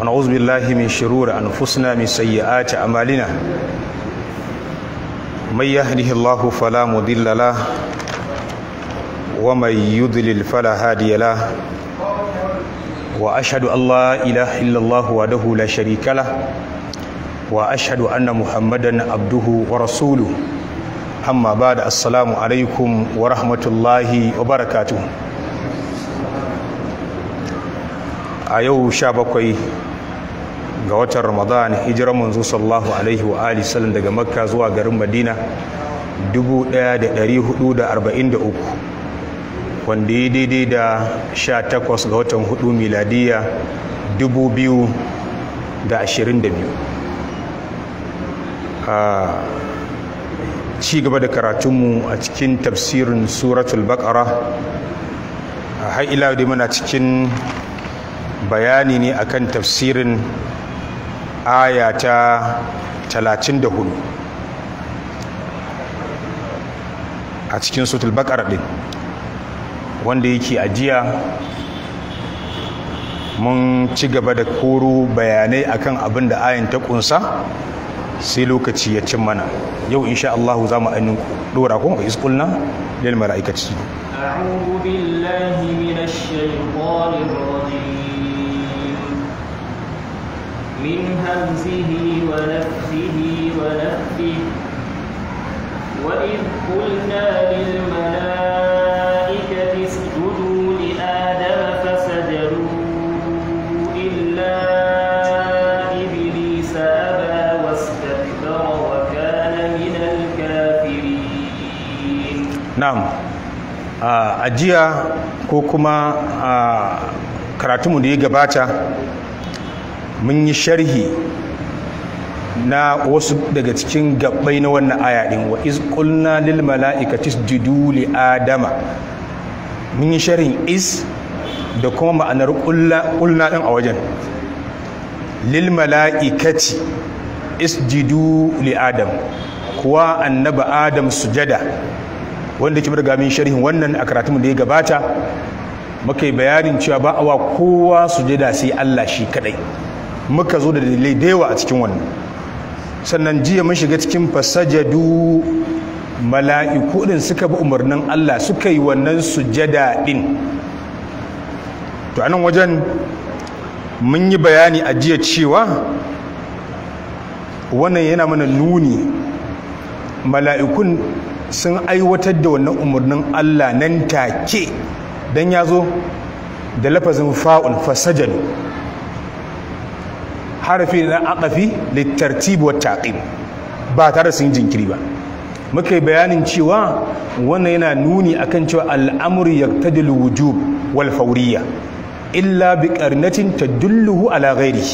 ونعوذ بالله من شرور أنفسنا من سيئات أعمالنا من يهده الله فلا مضل له ومن يضلل فلا هادي له وأشهد أن لا إله إلا الله وحده لا شريك له وأشهد أن محمدا عبده ورسوله أما بعد السلام عليكم ورحمة الله وبركاته a yau sha bakwai ga watan ramadan hijiran manzo Sallahu alaihi wa alihi sallam daga makka zuwa garin madina 1443 wanda ya daidai da 18 ga watan hudu miladiya 2022 a ci gaba da karatunmu a cikin tafsirin suratul baqara har ila da muna cikin bayani ne akan tafsirin aya ta 34 a cikin sutul bakar din wanda yake ajiya mun ci gaba da koro bayanai akan abin da ayan ta kunsa sai lokaci ya cin mana yau insha Allah za mu ainihin dora kuma ga iskulna lil aikaci a'udhu billahi minash shaitanir rajim من همزه ونفسه ونفه وإذ قلنا للملائكة اسجدوا لآدم فسجدوا إلا إبليس أبى واستكبر وكان من الكافرين نعم أجيا كوكما kuma karatunmu da ya gabata mun yi sharhi na wasu daga cikin gabbai na wannan aya din wa iz qulna lil mala'ikati isjudu li adama mun yi sharhin is da kuma ma'anar qulna qulna din a wajen lil mala'ikati isjudu li adam kuwa annaba adam sujada wanda ke riga min sharhin wannan a karatun da ya gabata muka yi bayanin cewa ba a wa kowa sujada sai Allah shi kadai muka zo da dalilai da yawa a cikin wannan sannan jiya mun shiga cikin fasajadu mala'iku din suka bi umarnin Allah suka yi wannan sujada din to anan wajen mun yi bayani a jiya cewa wannan yana mana nuni mala'ikun sun aiwatar da wannan umarnin Allah nan take dan ya zo da lafazin fa'ul fasajadu harafi na akafi littartib wa taqib ba tare sun jinkiri ba muka bayanin cewa wannan yana nuni akan cewa al'amru yaqtadil wujub wal fawriyya illa bi qarnatin tadulluhu ala ghairi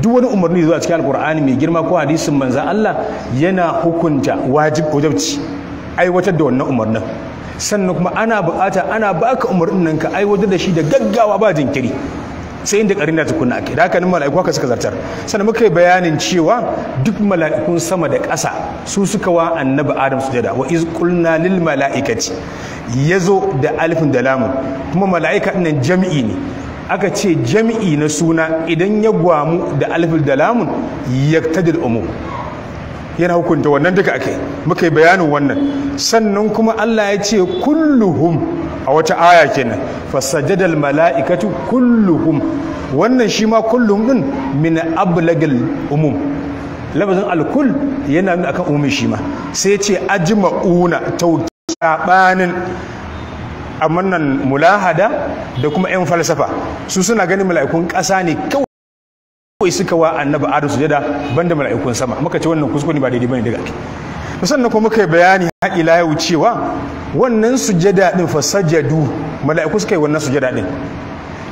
duk wani umarni zuwa cikin alkur'ani mai girma ko hadisin manza Allah yana hukunta wajib wajibci aiwatar da wannan umarnin sannan kuma ana bukata ana baka umarnin nan ka aiwatar da shi da gaggawa ba jinkiri sai inda da tukuna ake da haka nan mala'iku haka suka zartar sannan muka yi bayanin cewa duk mala'ikun sama da ƙasa su suka wa annabi adam jada wa izkulna lil mala'ikaci ya zo da alifin da lamun kuma mala'ika nan jami'i ne aka ce jami'i na suna idan ya gwamu da alifin da lamun yaktadil umum yana hukunta wannan duka ake muka yi bayanin wannan sannan kuma Allah ya ce kulluhum a wata aya kenan fasajadal mala'ikatu kulluhum wannan shi ma kullum din min ablagal umum lafazin alkul yana nuna akan umumi shi ma sai ya ce ajma'una tausabanin amma mulahada da kuma yan falsafa su suna ganin mala'ikun ƙasa ne kawai kawai suka wa annabi adam sujada da mala'ikun sama muka ce wannan kuskure ba daidai bane daga ake Na kuma muka yi bayani har ila cewa wannan sujada din fa sajadu mala'iku suka yi wannan sujada din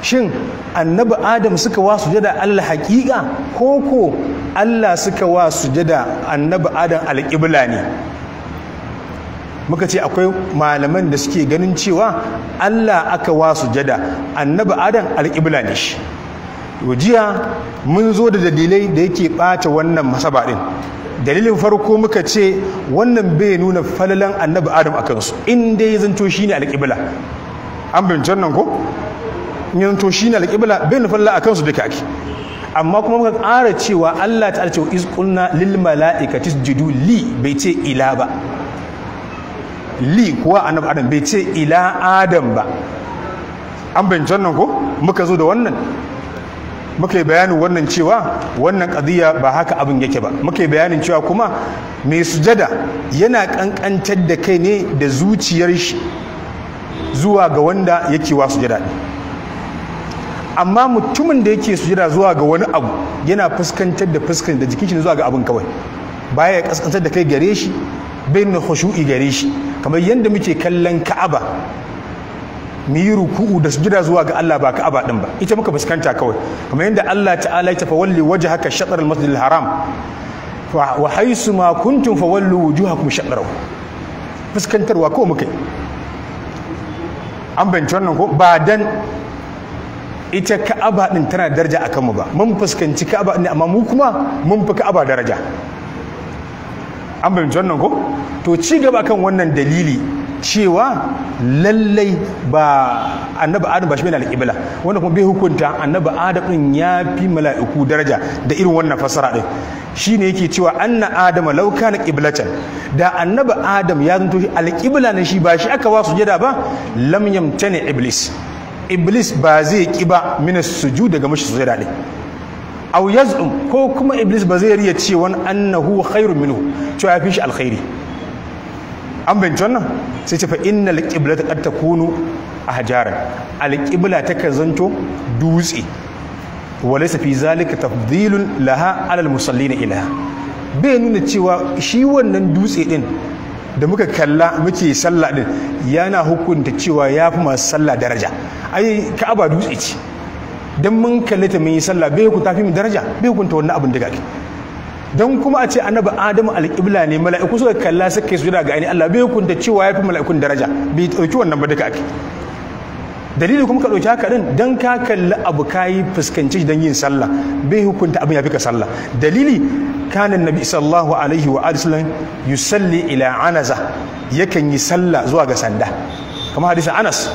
shin annabi adam suka wa sujada Allah hakika ko ko Allah suka wa sujada annabi adam alƙibla ne muka ce akwai malaman da suke ganin cewa Allah aka wa sujada annabi adam alƙibla ne shi jiya mun zo da dalilai da yake ɓata wannan masaba ɗin dalilin farko muka ce wannan bai nuna falalan annabi adam a kansu in dai ya zanto shi ne alƙibla an bincin nan ko ya zanto shi ne alƙibla bai nuna falalan a kansu duka ake amma kuma muka ƙara cewa allah ta alcewa isƙulna lil mala'ikati jidu li bai ce ila ba li kuwa annabi adam bai ce ila adam ba an bincin nan ko muka zo da wannan muka yi bayanin wannan cewa wannan ƙadiyya ba haka abin yake ba muka yi bayanin cewa kuma mai sujada yana ƙanƙantar da kai ne da zuciyar shi zuwa ga wanda yake wa sujada amma mutumin da yake sujada zuwa ga wani abu yana fuskantar da fuskantar da jikin shi zuwa ga abin kawai baya ya kaskantar da kai gare shi bai na khushu'i gare shi kamar yadda muke kallon ka'aba mu yi ruku'u da sujada zuwa ga Allah ba ka'aba din ba ita muka fuskanta kawai kamar yadda Allah ta'ala ya tafa walli wajhaka shatr al-masjid al-haram wa haythu ma kuntum wallu wujuhakum shatrahu fuskantarwa ko muka an bance wannan ko ba dan ita ka'aba din tana daraja akan mu ba mun fuskanci ka'aba abadin amma mu kuma mun fi ka'aba daraja an bance wannan ko to ci gaba kan wannan dalili cewa lallai ba annabi adam ba shi mai alƙibla wanda kuma bai hukunta annabi adam ɗin ya fi mala'iku daraja da irin wannan fasara din shine yake cewa anna adama law kana qiblatan da annabi adam ya zanto shi alƙibla na shi ba shi aka wa sujada ba lam yamtani iblis iblis ba zai ki ba min sujud daga mashi sujada din aw yaz'um ko kuma iblis ba zai riya cewa annahu khairun minhu cewa ya fi shi alkhairi an bincin nan sai ce fa innal qiblata qad takunu ahjaran al qibla ta kan zanto dutse walaysa fi zalika tafdilun laha alal na ilaha bai nuna cewa shi wannan dutse din da muka kalla muke sallah din yana hukunta cewa ya fi masu sallah daraja ai ka'aba dutse ce dan mun kallata ta mun yi sallah bai hukunta fi mu daraja bai hukunta wannan abin da gaki don kuma a ce annabi adamu alƙibla ne mala'iku suka kalla suka yi sujada ga ainihin Allah bai hukunta cewa ya fi mala'ikun daraja bai ɗauki wannan ba duka ake dalili kuma ka ɗauki haka ɗin don ka kalli abu ka yi fuskanci don yin sallah bai hukunta abin ya fi ka sallah dalili kanan nabi sallahu alaihi wa alihi yusalli ila anaza yakan yi sallah zuwa ga sanda kamar hadisi anas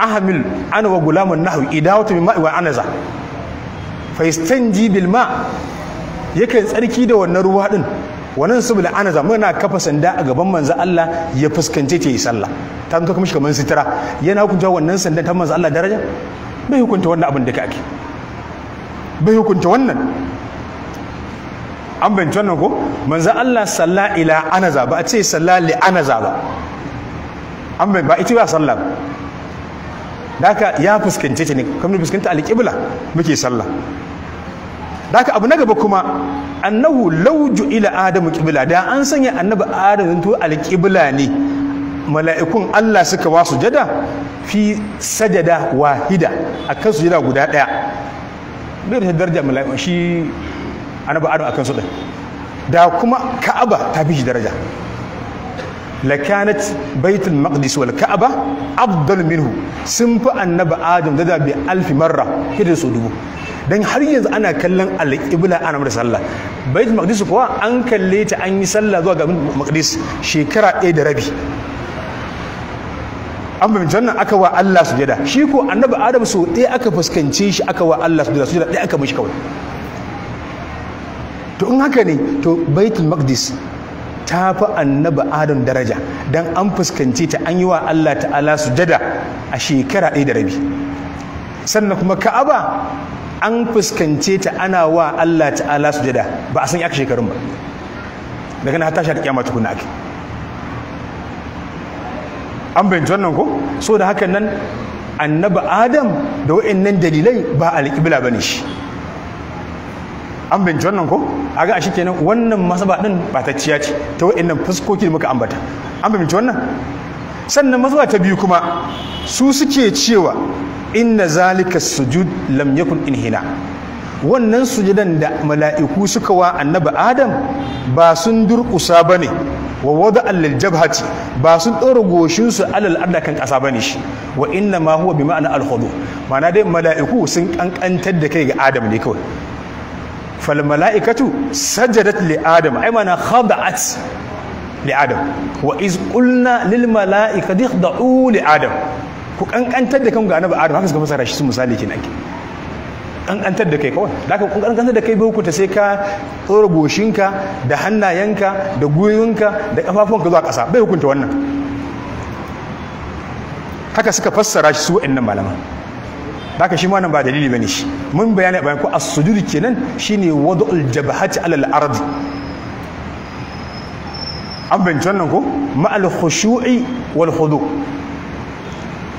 ahamil ana wa gulamun nahu idawatu min ma'i wa anaza fa istanji bil ma' yakan tsarki da wannan ruwa din wannan subul anaza muna kafa sanda a gaban manzo Allah ya fuskance ta yi sallah ta kuma shi kamar sitira yana hukunta wannan sanda ta manzo Allah daraja bai hukunta wannan abin da ka ake bai hukunta wannan an bayyana wannan ko manzo Allah salla ila anaza ba a ce salla li anaza ba an bai ba ita ba sallah da haka ya fuskance ta ne kamar fuskanta alƙibla muke sallah haka abu na gaba kuma annahu lauju ila adamu kibla da an sanya annabi adam zanto alqibla ne mala'ikun Allah suka wa sujada fi sajada wahida akan sujada guda daya bai da daraja mala'ikun shi annabi adam akan su da kuma ka'aba ta bi shi daraja lakanat baitul maqdis wal ka'aba afdal minhu sun fi Annaba adam da bi alfi marra hidin su dubu dan har yanzu ana kallon alƙibla ana mata sallah baitul maqdis kuwa an kalle ta an yi sallah zuwa ga maqdis shekara ɗaya da rabi an fahimci wannan aka wa Allah sujada shi ko annabi adam so ɗaya aka fuskance shi aka wa Allah sujada sujada ɗaya aka mishi kawai to in haka ne to baitul maqdis ta fi annabi adam daraja don an fuskanci ta an yi wa allah ta'ala jada a shekara ɗaya da rabi sannan kuma ka'aba an fuskance ta ana wa allah ta'ala jada ba a san yaka shekarun ba daga na tashi a kyamata tukuna ake an bayanci wannan ko so da hakan nan annabi adam da wa'annan dalilai ba alƙibla ba ne shi an binci wannan ko a ga shi kenan wannan masaba din batacciya ce ta wa'annan fuskoki da muka ambata an binci wannan sannan masaba ta biyu kuma su suke cewa inna zalika sujud lam yakun inhina wannan sujudan da mala'iku suka wa annabi adam ba sun durƙusa ba ne wa wada allal jabhati ba sun ɗora goshinsu alal arda kan ƙasa ba ne shi wa inna ma huwa bi ma'ana alhudu ma'ana dai mala'iku sun ƙanƙantar da kai ga adam ne kawai fal mala'ikatu sajadat li adam ay mana khada'at li adam wa iz qulna lil mala'ikati khada'u li adam ku kankantar da kan ga annabi adam haka suka fasara shi su misali kenan ake kankantar da kai kawai da ka kankantar da kai bai hukunta sai ka tsoro goshinka da hannayenka da gwiwinka da kafafunka zuwa ƙasa bai hukunta wannan haka suka fassara shi su wa'annan malaman haka shi wannan nan ba dalili bane shi mun bayani bayan ko as-sujud kenan shine wad'ul jabhati ala al-ard an binci wannan ko ma'al khushu'i wal khudu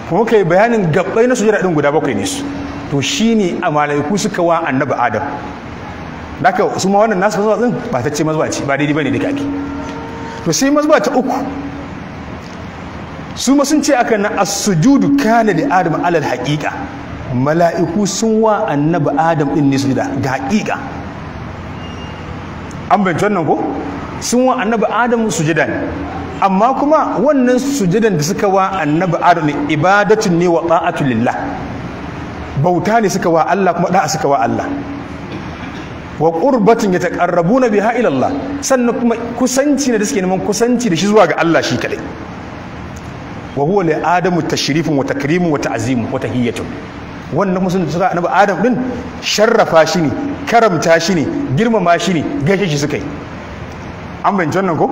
kuma kai bayanin gabbai na sujada din guda bakwai ne su to shine a malaiku suka wa annabi adam haka su ma wannan nasu zuwa din ba ta ce mazuwa ce ba dai bane da kake to sai mazuwa ta uku su ma sun ce akan na as-sujudu kana li adam ala al-haqiqa mala'iku sun wa annabi adam ɗin ne da, ga haƙiƙa an bayyance wannan ko sun wa annabi adam sujada ne amma kuma wannan sujadan da suka wa annabi adam ne ibadatun ne wa ta'atu lillah bauta ne suka wa Allah kuma da'a suka wa Allah wa qurbatin yataqarrabuna biha ila Allah sannan kuma kusanci ne da suke neman kusanci da shi zuwa ga Allah shi kadai wa huwa li adamu tashrifun wa takrimun wa ta'zimun wa tahiyyatun wannan musulun suka annabi adam din sharrafa shi ne karamta shi ne girmama shi ne gaishe shi suka yi an bayyance wannan ko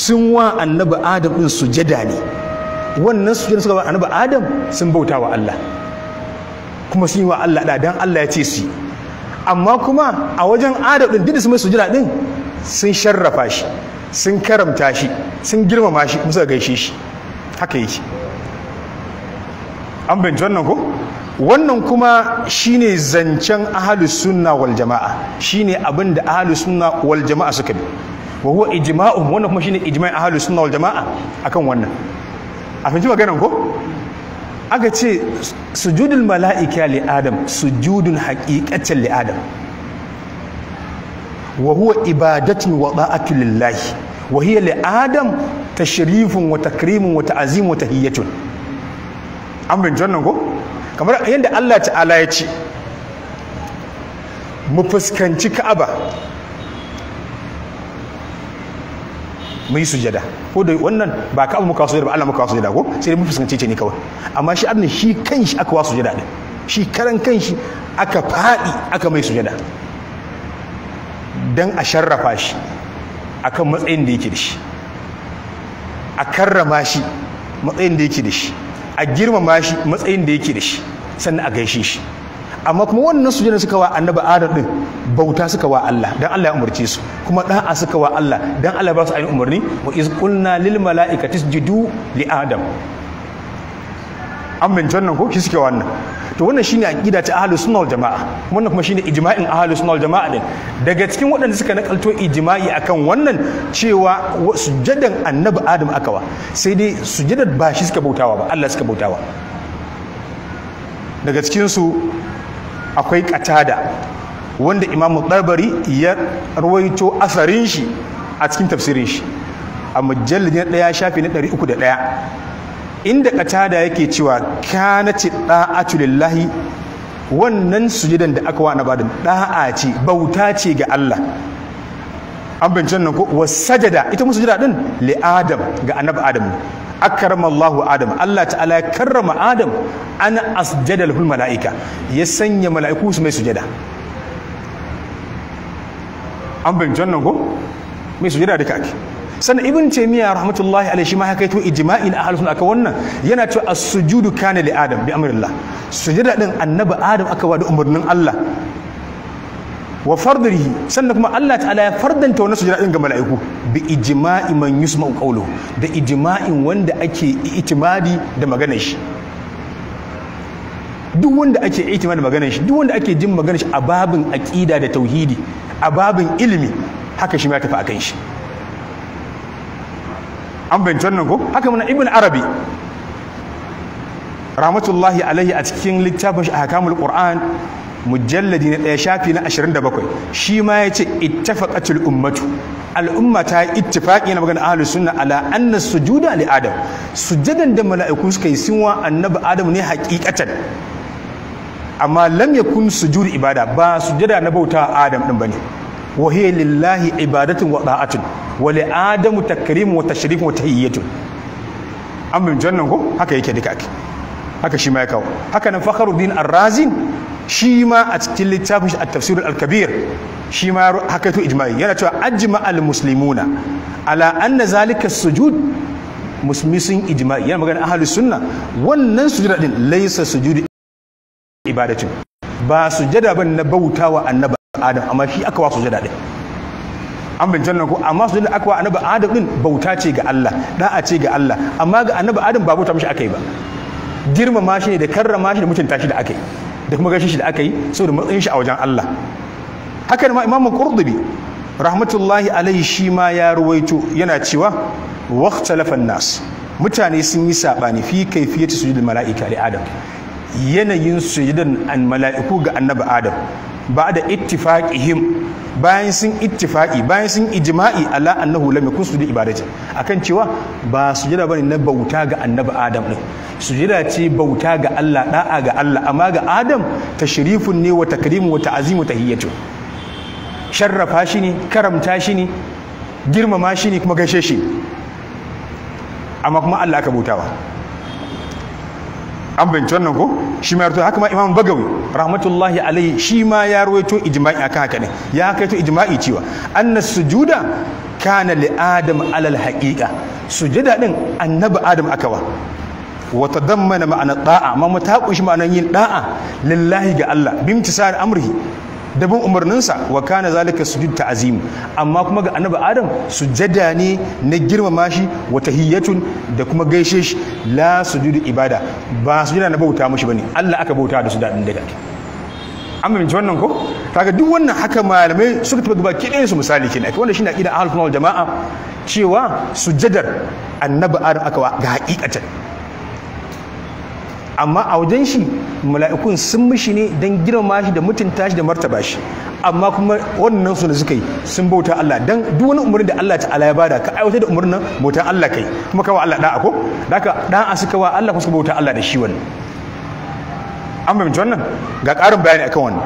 sun wa annabi adam din sujada ne wannan sujada suka ba annabi adam sun bauta wa Allah kuma sun yi wa Allah da dan Allah ya ce su amma kuma a wajen adam din duk su mai sujada din sun sharrafa shi sun karamta shi sun girmama shi musa gaishe shi haka yake an binci wannan ko wannan kuma shine zancen ahalus sunna wal jama'a shine abin da ahalus sunna wal jama'a suka bi wa huwa wannan kuma shine ijma'in ahalus sunna wal jama'a akan wannan a fahimci maganar ko aka ce sujudul mala'ika li adam sujudun haqiqatan li adam wa huwa ibadatun wa da'atu lillahi wa hiya li adam tashrifun wa takrimun wa ta'zimun wa tahiyyatun an bin jannan ko kamar yadda Allah ta'ala ya ce mu fuskanci ka'aba mu yi sujada ko da wannan ba ka'aba muka sujada ba Allah muka sujada ko sai dai mu fuskanci ce ne kawai amma shi abin shi kanshi aka wa sujada din shi karan kanshi aka faɗi aka mai sujada dan a sharrafa shi akan matsayin da yake da shi a karrama shi matsayin da yake da shi a girmama shi matsayin da yake da shi sannan a gaishe shi amma kuma wannan su sujada suka wa annabi adam din bauta suka wa Allah dan Allah ya umarce su kuma a suka wa Allah dan Allah ba su ayin umarni wa iz qulna lil malaikati isjudu li adam an bince wannan ko ki suke wannan to wannan shine aqida ta ahlus sunna wal jamaa wannan kuma shine ijma'in ahlus sunna wal jamaa din daga cikin waɗanda suka nakalto ijma'i akan wannan cewa sujadan annabi adam akawa sai dai sujadar ba shi suka bautawa ba Allah suka bautawa daga cikin su akwai qatada wanda imamu tabari ya rawaito asarin shi a cikin tafsirin shi a mujallidin ɗaya shafi na ɗari uku da ɗaya inda katada yake cewa kanati da'atu lillahi wannan sujudan da aka wa na badin da'a ce bauta ce ga Allah an bincin nan ko wasajada ita musu sujada din li adam ga annabi adam akarama Allahu adam Allah ta'ala ya karrama adam ana asjada lahul malaika ya sanya mala'iku su mai sujada an bincin nan ko mai sujada ka ake sannan ibn taymiya rahmatullahi alaihi shi ma kai to ijma'in ahlus sunna akan wannan yana cewa as-sujudu kana li adam bi amrillah sujuda din annabi adam aka wada umarnin Allah wa fardrihi sannan kuma Allah ta'ala ya fardanta wannan sujuda din ga mala'iku bi ijma'i man yusma'u qawluhu da ijma'in wanda ake itimadi da maganar shi duk wanda ake itima da maganar shi duk wanda ake jin maganar shi a babin aqida da tauhidi a babin ilimi haka shi ma tafi akan shi an bincin nan ko haka muna ibn arabi rahmatullahi alaihi a cikin littafin shi ahkamul qur'an mujalladi na ɗaya shafi na 27 shi ma ya ce ittafaqatul ummatu al'umma ta yi ittifaqi na magana ahlus sunna ala anna sujuda li adam sujadan da mala'iku suka yi sunwa annabi adam ne haqiqatan amma lam yakun sujudu ibada ba sujada na bauta adam din bane wa hiya lillahi ibadatun wa da'atun wa li adamu takrimu wa tashrifun wa tahiyyatun an bin jannan ko haka yake duka ake haka shi ma ya kawo haka nan fakhruddin ar-razi a cikin littafin shi at-tafsir al-kabir shi ma haka to ijma'i yana cewa ajma al-muslimuna ala ana zalika sujud musulmi sun yana magana sunna wannan sujud din ba sujada ban na bautawa annabi adam amma shi aka wa sujada din an bin jannan ko amma aka wa annabi adam din bauta ce ga Allah da'a ce ga Allah amma ga annabi adam ba bauta mishi akai ba ma shi ne da karrama shi da mutunta shi da akai da kuma gashi shi da akai saboda matsayin shi a wajen Allah hakan ma imamu qurdubi rahmatullahi alaihi shi ma ya ruwaito yana cewa waqtalafan nas mutane sun yi sabani fi kaifiyati sujudul mala'ika li adam yanayin sujudan an mala'iku ga annabi adam ba da ittifaqihim bayan sun ittifaqi bayan sun ijma'i ala annahu lam yakun sujud ibadati akan cewa ba sujada bane na bauta ga annabi adam din sujada ce bauta ga Allah da'a ga Allah amma ga adam tashrifun ne wa takrimu wa ta hiyyato sharrafa shi ne karamta shi ne girmama shi ne kuma gaishe shi amma kuma Allah aka bautawa an fahimci wannan ko shi ma ya rawaito haka ma imam bagawi rahmatullahi alaihi shi ma ya rawaito ijma'i akan haka ne ya kaito ijma'i cewa anna sujuda kana li adam alal haqiqa sujada din annabi adam akawa wa tadammana ma'ana da'a ma mutaqu shi ma'anan yin da'a lillahi ga Allah bimtisar amrihi da bin umarninsa wa kana zalika sujud ta'zim amma kuma ga annabi adam sujada ne na girmama shi wa tahiyyatun da kuma gaishe shi la sujudu ibada ba sujada na bauta ba bane Allah aka bauta da su daɗin daga an fahimci wannan ko kaga duk wannan haka malamai suka tafi gaba ke su misali aiki wanda shine aqida ahlus a wal jamaa cewa sujadar annabi adam aka wa ga hakikatan amma a wajen shi mala'ikun sun mishi ne don girma shi da mutunta shi da martaba shi amma kuma wannan su da suka yi sun bauta Allah dan duk wani umarni da Allah ta'ala ya bada ka aiwatar da umarnin bauta Allah kai kuma kawa Allah da ko daka a suka wa Allah kuma suka bauta Allah da shi wannan an fahimci wannan ga ƙarin bayani akan wannan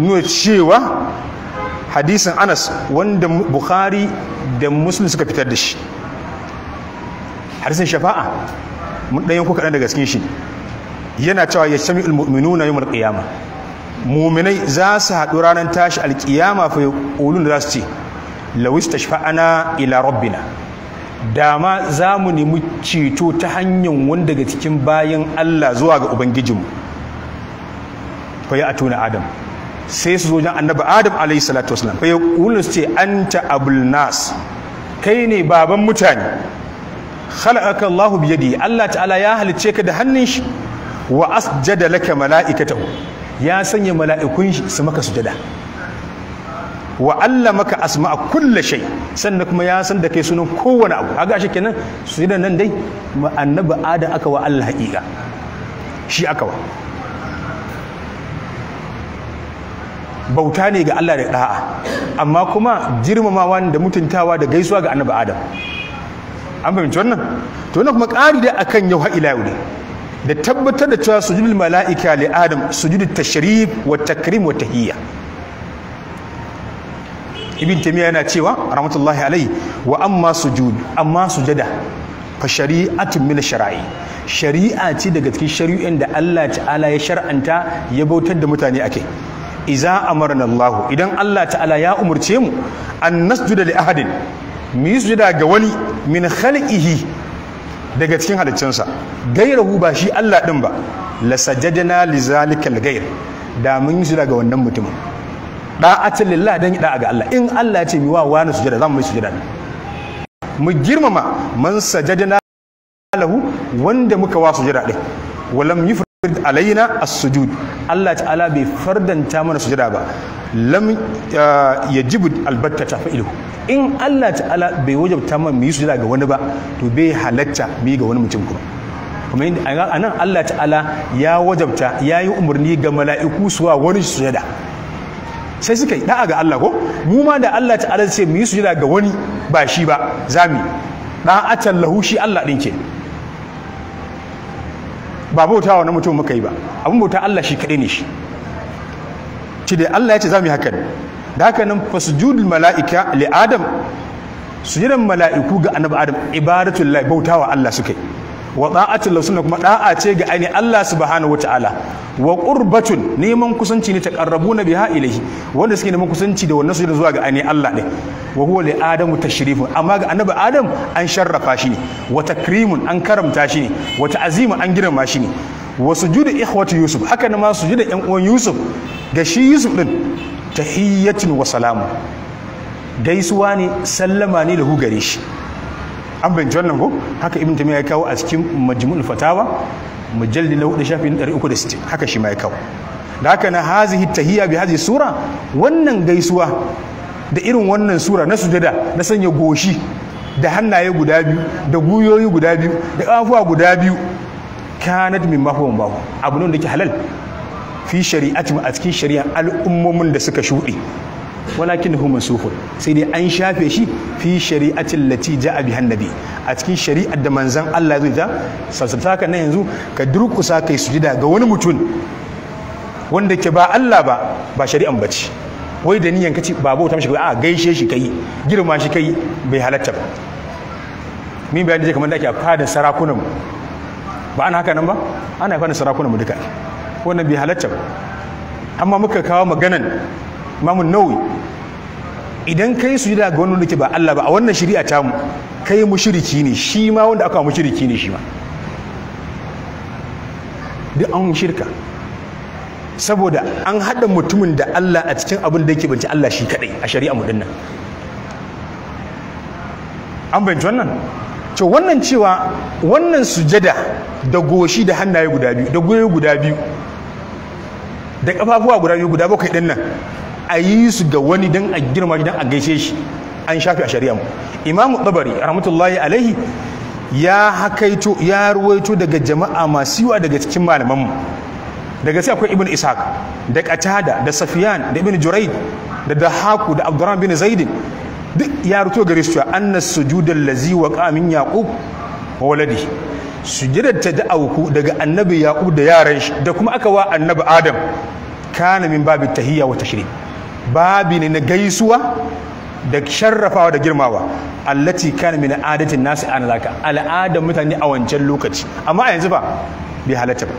nuna cewa hadisin Anas wanda Bukhari da Muslim suka fitar da shi hadisin shafa'a mun dan ko kaɗan daga cikin shi yana cewa ya shami ulmuminuna yawmul qiyama muminai za su haɗu ranar tashi alƙiyama fa yaqulun za su ce lawis tashfa'ana ila rabbina dama za mu nemi ceto ta hanyar wani daga cikin bayan Allah zuwa ga ubangijinmu fa a atuna adam sai su zo jan annabi adam alayhi salatu wasalam fa yaqulun su ce anta abul nas kai ne baban mutane khalaqaka Allah biyadi Allah ta'ala ya halicce ka da hannun shi wa asjada laka mala'ikatahu ya sanya mala'ikun shi su maka sujada wa allamaka asma'a kulle shay sannan kuma ya san da kai sunan kowane abu kaga shi kenan da nan dai annabi ada aka wa Allah haqiqa shi aka wa bauta ne ga Allah da da'a amma kuma girmamawa da mutuntawa da gaisuwa ga annabi adam an fahimci wannan to wannan kuma ƙari da akan yau ha ila yau ne da tabbatar da cewa sujudul mala'ika li adam sujudut tashrif wa takrim wa tahiyya ibn taymiya yana cewa rahmatullahi alai wa amma sujud amma sujada fa shari'atun min shara'i shari'a ce daga cikin shari'un da Allah ta'ala ya shar'anta ya bautar da mutane ake iza amarna Allah idan Allah ta'ala ya umurce mu an nasjuda li ahadin mu yi sujada ga wani min khalqihi daga cikin halittunsa gairahu ba shi Allah din ba la sajadna li zalikal gair da mun yi sujada ga wannan mutumin da'atul lillah dan yi ga Allah in Allah ya ce miwa wa wani sujada zamu yi sujada mu girmama man sajadna lahu wanda muka wa sujada ɗin walam yufrid alaina as-sujud Allah ta'ala bai fardanta mana sujada ba lam yajibu albatta ta fa'ilu in Allah ta'ala bai wajabta man mu yi sujada ga wani ba to bai halatta mu yi ga wani mutum kuma kuma a nan Allah ta'ala ya wajabta ya yi umarni ga mala'iku suwa wani sujada sai suka yi da'a ga Allah ko mu ma da Allah ta'ala ce mu yi sujada ga wani ba shi ba zami da'atan lahu shi Allah din ke ba wa na mutum muka yi ba abin bauta Allah shi kaɗai ne shi shi dai Allah ya ce za mu yi haka ne da haka nan fasujudul mala'ika li adam sujudan mala'iku ga annabi adam ibadatul lahi bautawa Allah suka wa da'atul lahi sunna kuma da'a ce ga aini Allah subhanahu wataala wa qurbatun neman kusanci ne ta taqarrabuna biha ilayhi wanda suke neman kusanci da wannan sujudan zuwa ga aini Allah ne wa huwa li adamu tashrifu amma ga annabi adam an sharrafa shi ne wa takrimun an karamta shi ne wa ta'zimun an girmama shi ne Wasu sujudu ikhwati yusuf haka ne ma sujudu yan uwan yusuf ga shi yusuf din hiyyacin wa salamu gaisuwa ne sallama ne da hugare shi an bin wannan ko haka ibn tamiya ya kawo a cikin majmu'ul fatawa mujalli na 4 shafin 360 haka shi ma ya kawo da haka na hazihi tahiyya bi hazihi sura wannan gaisuwa da irin wannan sura na sujada na sanya goshi da hannaye guda biyu da guyoyi guda biyu da kafuwa guda biyu kanad min ma huwa bahu abu ne da ke halal fi shari'ati a cikin shari'ar al'ummomin da suka shuɗe walakin hu mansukhun sai dai an shafe shi fi shari'atin lati a bihan nabi a cikin shari'ar da manzan Allah zai ta sassafta ka nan yanzu ka durkusa kai sujida ga wani mutum wanda ke ba Allah ba ba shari'an bace wai da niyan kace ba bauta mishi a gaishe shi kai girma shi kai bai halatta ba min da kamar da ake a sarakunan ba ana haka nan ba ana haifar da sarakunan mu duka wannan bai halatta ba amma muka kawo maganan mamun nawi idan kai su ga wani wanda ke ba Allah ba a wannan shari'a ta mu kai mushriki ne shi ma wanda aka mushriki ne shi ma duk an shirka saboda an haɗa mutumin da Allah a cikin abin da yake banci Allah shi kaɗai a shari'a mu dinnan an binci wannan to wannan cewa wannan sujada da goshi da hannaye guda biyu da goyo guda biyu da kafafuwa guda biyu guda bakwai dinnan a yi su ga wani dan a girma don a gaishe shi an shafi a shari'a mu imamu tabari rahmatullahi alaihi ya hakaito ya ruwaito daga jama'a masu yiwa daga cikin malamanmu daga sai akwai ibn ishaq da qatada da safiyan da ibn jurayd da dahaku da abdurrahman bin zaid duk ya rutu gare su anna sujudal lazi wa yaqub wa waladi sujudar ta da auku daga annabi yaqub da yaran shi da kuma aka wa annabi adam kana min babi tahiyya wa tashrik babi ne na gaisuwa da sharrafawa da girmawa allati kana min adatin nasi an zaka al'adar mutane a wancan lokaci amma a yanzu ba bai halatta ba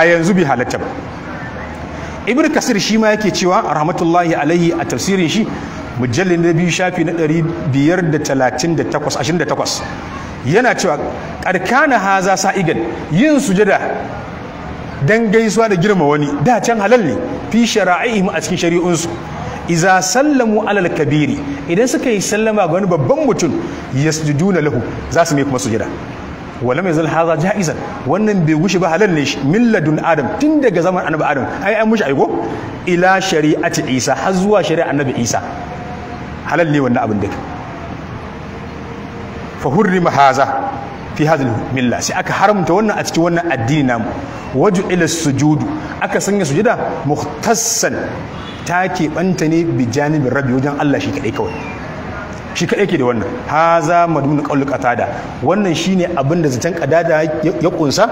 a yanzu bai halatta ba ibn kasir shi ma yake cewa rahmatullahi alaihi a tafsirin shi mujalli na biyu shafi na biyar da 538 yana cewa ƙarƙana haza sa'igan yin sujada don gaisuwa da girma wani da can halal ne fi shara'ihim a cikin shari'unsu iza sallamu alal kabiri idan suka yi sallama ga wani babban mutum yasjuduna lahu za su mai kuma sujada wala mai haza ja'izan wannan bai gushi ba halal ne milladun adam tun daga zaman annabi adam ai an mushi aigo ila shari'ati isa har zuwa shari'a annabi isa halal ne wannan abin da ke fa mahaza haza fi hadhihi milla sai aka haramta wannan a cikin wannan addini namu waju ila sujudu aka sanya sujuda muhtassan ta keɓanta ne bi janibin rabbi wajen Allah shi kaɗai kawai shi kaɗai ke da wannan haza madmun qaulul katada wannan shine abin da zaton qadada ya kunsa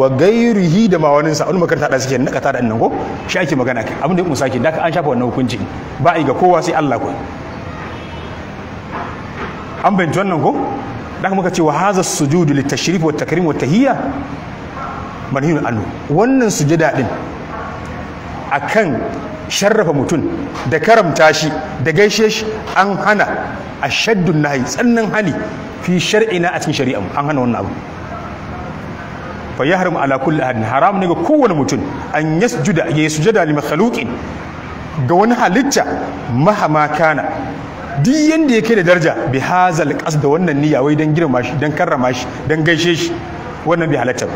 wa gairihi da ma wani sa wani makarta da suke na katada din nan ko shi ake magana kai abin da ya kunsa ke da an shafa wannan hukunci ba a yi ga kowa sai Allah kawai an bayanci wannan ko da muka ce wa haza sujudu litashrif wa takrim wa tahiyya manhiyun anhu wannan sujada din akan sharrafa mutum da karamta shi da gaishe shi an hana ashaddun nahi tsannan hali fi shar'ina a cikin shari'a an hana wannan abu fa yahrumu ala kulli ahadin haram ne ga kowane mutum an yasjuda ya sujada li makhluqin ga wani halitta mahama kana duk yanda kai da daraja bi hazal qasd da wannan niyya wai dan girma shi dan karrama shi dan gaishe shi wannan bi halatta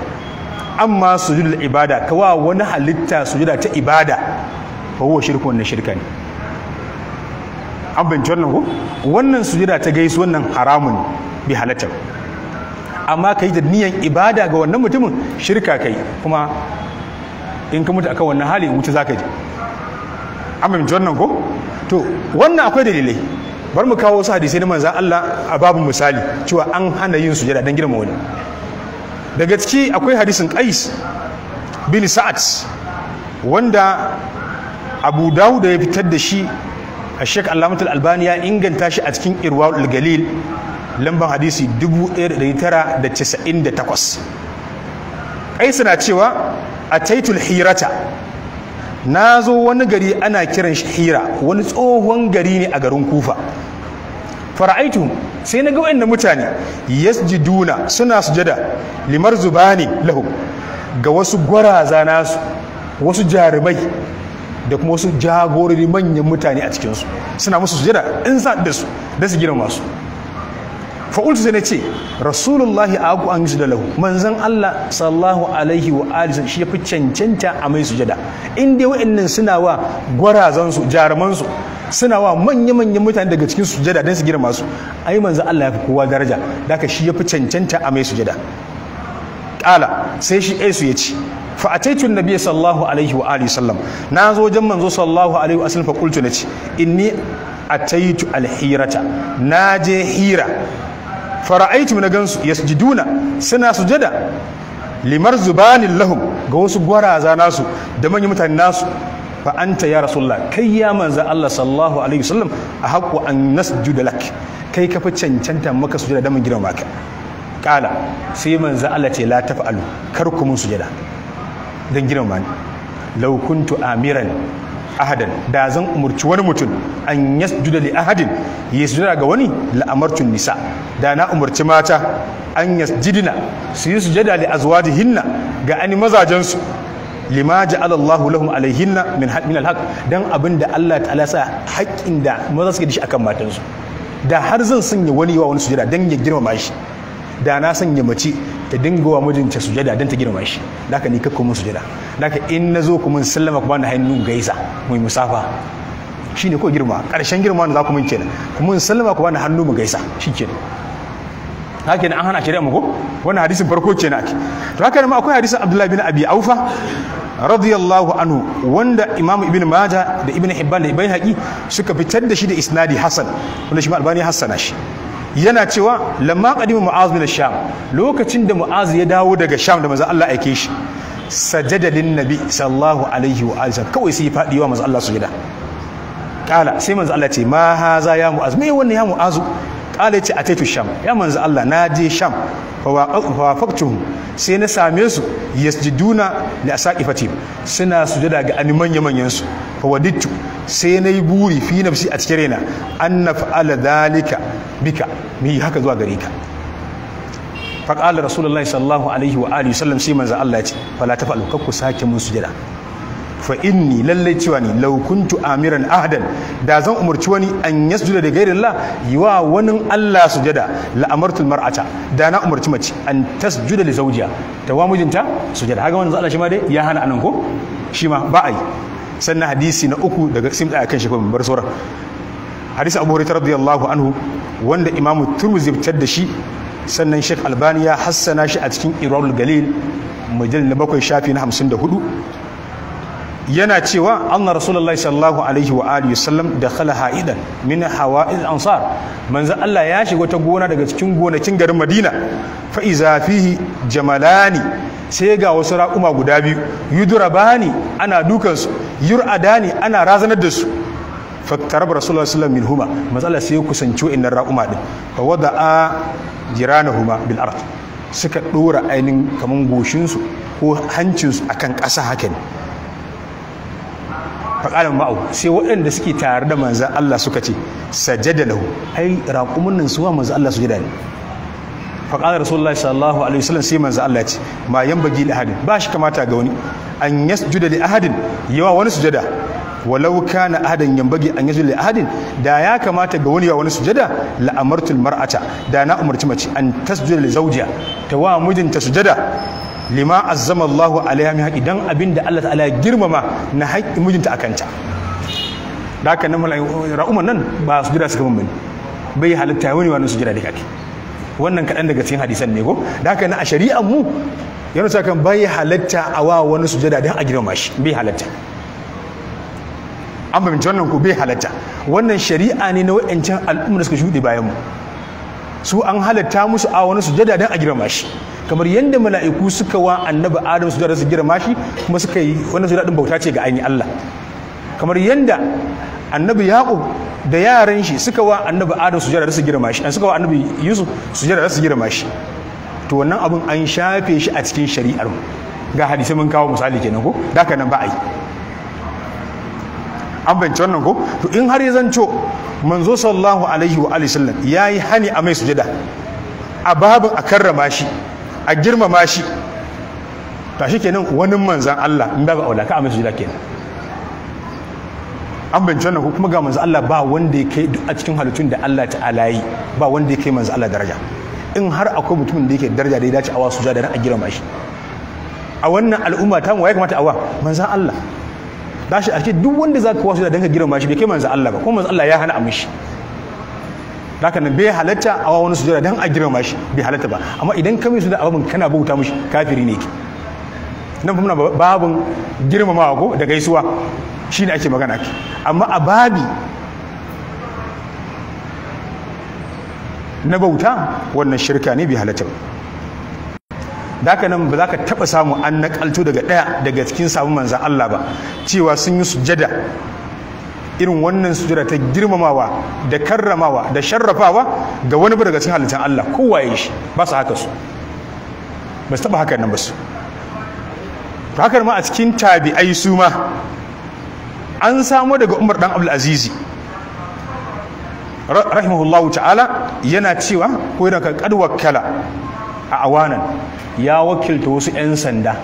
amma sujudul ibada kawa wani halitta sujuda ta ibada fa huwa shirku wannan shirka ne an binci wannan ko wannan sujuda ta gaisu wannan haramun bi halatta amma kai da niyan ibada ga wannan mutumin shirka kai kuma in ka mutu akan wannan hali wuce zaka je an binci wannan ko to wannan akwai dalilai bar mu kawo wasu hadisai na manzan Allah a babu misali cewa an hana yin sujada don girma wani daga ciki akwai hadisin qais bin sa'ad wanda abu dawud ya fitar da shi a shek alamatul albani ya inganta shi a cikin irwal galil lamban hadisi 1998 qais na cewa a taitul hirata na zo wani gari ana kiran shi hira wani tsohon gari ne a garin kufa fara'aitu sai na ga wayannan mutane yasjiduna suna sujada limar zuba ne lahu ga wasu gwaraza nasu wasu jarumai da kuma wasu jagorori manyan mutane a cikinsu suna musu sujada in sa da su da su gina masu fa'ultu sai na ce rasulullahi a aku an da lahu manzan Allah sallahu alaihi wa alihi shi ya fi cancanta a mai sujada in dai wa'annan suna wa jaruman jarumansu suna wa manya-manyan mutane daga cikin sujada don su girma su ai manzan Allah ya fi kowa daraja da shi ya fi cancanta a mai sujada ƙala sai shi esu ya ce فأتيت النبي صلى الله عليه وآله وسلم نازو جمن صلى الله عليه وسلم فقلت a taitu alhirata na je hira. fara'aitu na gansu yasjiduna suna sujada limar zubanin lahum ga wasu gwaraza nasu da manyan mutane nasu fa anta ya rasulullah kai ya manza Allah sallallahu alaihi wasallam a haqqu an nasjuda lak kai ka fi cancanta maka sujada da mun maka kala sai manza Allah ce la taf'alu kar ku mun sujada dan gidan mani law kuntu amiran ahadan da zan umurci wani mutum an yasjuda li ahadin ya yasjuda ga wani la'amarcin nisa da na umurci mata an yasjidina su yi sujada li hinna ga ani mazajensu lima ji Allahu lahum alaihinna min alhaƙ alhaq dan da Allah ta'ala sa haƙƙin da maza suke dishi akan matansu da har zan sanya wani yawa wani sujada dan ya girmama shi da na sanya mace ta dinga wa mijinta sujada don ta girma shi daka ni kakko mun sujada daka in na zo ku mun sallama ku bani hannu gaisa mu yi musafa shine ko girma karshen girma da za ku mun ce ku mun sallama ku bani hannu mu gaisa shikenan haka ne an hana shari'a mu ko wannan hadisin farko na ake to haka ne ma akwai hadisin Abdullahi bin Abi Aufa radiyallahu anhu wanda Imam Ibn Majah da Ibn Hibban da Ibn Haqi suka fitar da shi da isnadi Hassan wanda shi ma Albani hassana shi yana cewa lamma qadima mu'az bin sham lokacin da mu'az ya dawo daga sham da manzo Allah aike shi sajada lin nabi sallallahu alaihi wa alihi kawai sai ya fadi wa manzo Allah sujada kala sai manzo Allah ce ma haza ya mu'az me wannan ya mu'az kala ce ataitu sham ya manzo Allah na je sham fa waqaftuhum sai na same su yasjiduna li asaqifati suna sujada ga animan manya su fa wadittu sai na yi buri fi nafsi a cikin raina an fa'ala dalika bika yi haka zuwa gare ka faƙalar rasulullahi sallallahu alaihi wa alihi sallam sai manzo Allah ya ce fala tafalu kakku sake mun sujada fa inni lallai cewa ni laukuntu amiran ahadan da zan umarci wani an yasjuda da gairin yi wa wani Allah sujada la amartul mar'ata da na umarci mace an tasjuda da zawjiha ta wa mijinta sujada haka wannan Allah shi ma dai ya hana anan ko shi ma ba a yi sannan hadisi na uku daga sim ɗaya kan shi ko bar sauran hadisi abu hurairah radiyallahu anhu wanda imamu turmuzi fitar da shi sannan sheikh albani ya hassana shi a cikin irarul galil mujal na bakwai shafi na hamsin da hudu yana cewa anna rasulullah sallallahu alaihi wa alihi sallam da khala ha'idan min hawa'il ansar manzo Allah ya shiga wata gona daga cikin gonakin garin Madina fa iza fihi jamalani sai ga wasu raƙuma guda biyu yudurabani ana dukansu yur'adani ana razanar da su fatarab rasulullah sallallahu alaihi huma minhuma matsala sai ya kusanci wa'annan raƙuma din fa wada'a jiranahuma bil ard suka dora ainin kaman goshin su ko hancin su akan ƙasa haka ne faƙalin ma'au sai waɗanda suke tare da manza Allah suka ce sajada lahu ai raƙumin nan suwa manza Allah su jira ne faƙalar rasulullah sallallahu alaihi wasallam sai manzo Allah ce ma yan bagi li ahadin ba shi kamata ga wani an yasjuda li ahadin yawa wani sujada walau kana ahadan yambagi an yajli ahadin da ya kamata ga wani ya wani sujada la amartul mar'ata da na umarci mace an tasjuda li zawjiha ta wa mijinta sujada lima azzama Allahu alaiha min haqqi dan abinda Allah ta'ala girmama na haƙƙin mijinta akanta da haka ra'uman nan ba sujada bane wani wani sujada da kake wannan kaɗan daga cikin hadisan ne ko da haka na a shari'ar mu yana sa kan bai halatta a wani sujada dan a girmama shi bai halatta an fahimci wannan ku bai halatta wannan shari'a ne na wa'ancan al'ummar da suka shuɗe bayan mu su an halatta musu a wani sujada don a girma shi kamar yadda mala'iku suka wa annabi adam sujada su girma shi kuma suka yi wannan sujada din bauta ce ga ainihin Allah kamar yadda annabi yaqub da yaran shi suka wa annabi adam sujada su girma shi an suka wa annabi yusuf sujada su girma shi to wannan abun an shafe shi a cikin shari'ar ga hadisi mun kawo misali kenan ko da nan ba a yi an bayyance wannan ko to in har ya zanco manzo sallallahu alaihi wa alihi sallam yi hani a mai sujada a babin a karrama shi a girmama shi ta shi kenan wani manzan Allah in babu aulaka a mai sujada kenan an bayyance wannan ko kuma ga manzan Allah ba wanda ya kai a cikin halittun da Allah ta'ala yi ba wanda ya kai manzan Allah daraja in har akwai mutumin da yake daraja da ya dace a wasu sujada dan a girmama shi a wannan al'umma ta mu ya kamata a wa manzan Allah da shi ake duk wanda zaka kawo sujada da ka girma shi bai kai manzo Allah ba kuma manzo Allah ya hana a mishi haka nan bai halatta a wani sujada dan a girma shi bai halatta ba amma idan ka mai sujada abin kana bauta mishi kafiri ne ki nan kuma babun girmamawa ko da gaisuwa shine ake magana ki amma a babi na bauta wannan shirka ne bai halatta ba da nan ba za ka taɓa samu an naƙalto daga ɗaya daga cikin samun manzan Allah ba cewa sun yi sujada irin wannan sujada ta girmamawa da karramawa da sharrafawa ga wani ba daga cikin halittar Allah kowaye shi ba su haka su ba su taɓa haka nan ba su hakan ma a cikin tabi'ai su ma an samo daga Umar dan Abdul Azizi rahimahullahu ta'ala yana cewa ko yana kan kad a awanan ya wakilta wasu 'yan sanda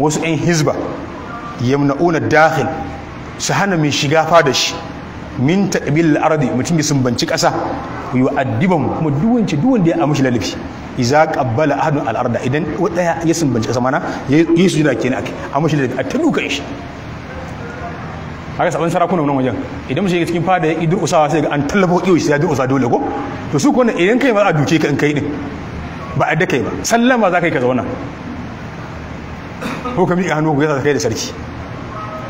wasu 'yan hizba yamna'una dakhil su hana min shiga fada shi min taqbil al-ardi mutum ya yi wa addiban kuma duwanci duwan da ya amshi lalifi iza qabbala ahadun al-arda idan wadaya ya banci ƙasa mana yi su jira kenan akai amshi lalifi a taduka shi haka sabon sarakuna wani wajen idan musu yi cikin fada ya usawa sai ga an tallafa kiwo shi ya usa dole ko to su kuma idan kai ma a duke ka in kai din ba a dake ba sallama za ka yi ka zauna ko ka miƙa hannu ku yadda kai da sarki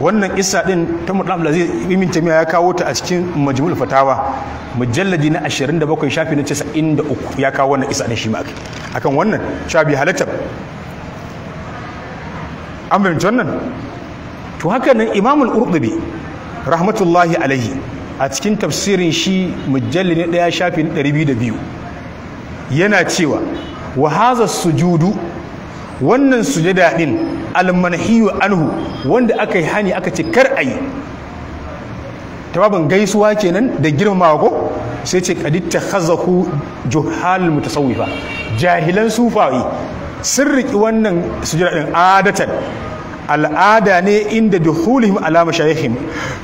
wannan isa din ta mutum yi ibn tamiya ya kawo ta a cikin majmul fatawa mujalladi na 27 shafi na 93 ya kawo wannan isa din shi ma akan wannan shafi halatta an fahimci wannan to haka nan imamul urdubi rahmatullahi alaihi a cikin tafsirin shi mujalladi na 1 shafi na 202 yana cewa wa haza sujudu wannan sujada din almanhiyu anhu wanda aka yi hani aka ce kar ayi ta babin gaisuwa kenan da girmamawa ko sai ce kaditta khazahu juhal mutasawwifa jahilan sufawi sirriki wannan sujada din adatan al'ada ne inda hulihim alama shayihim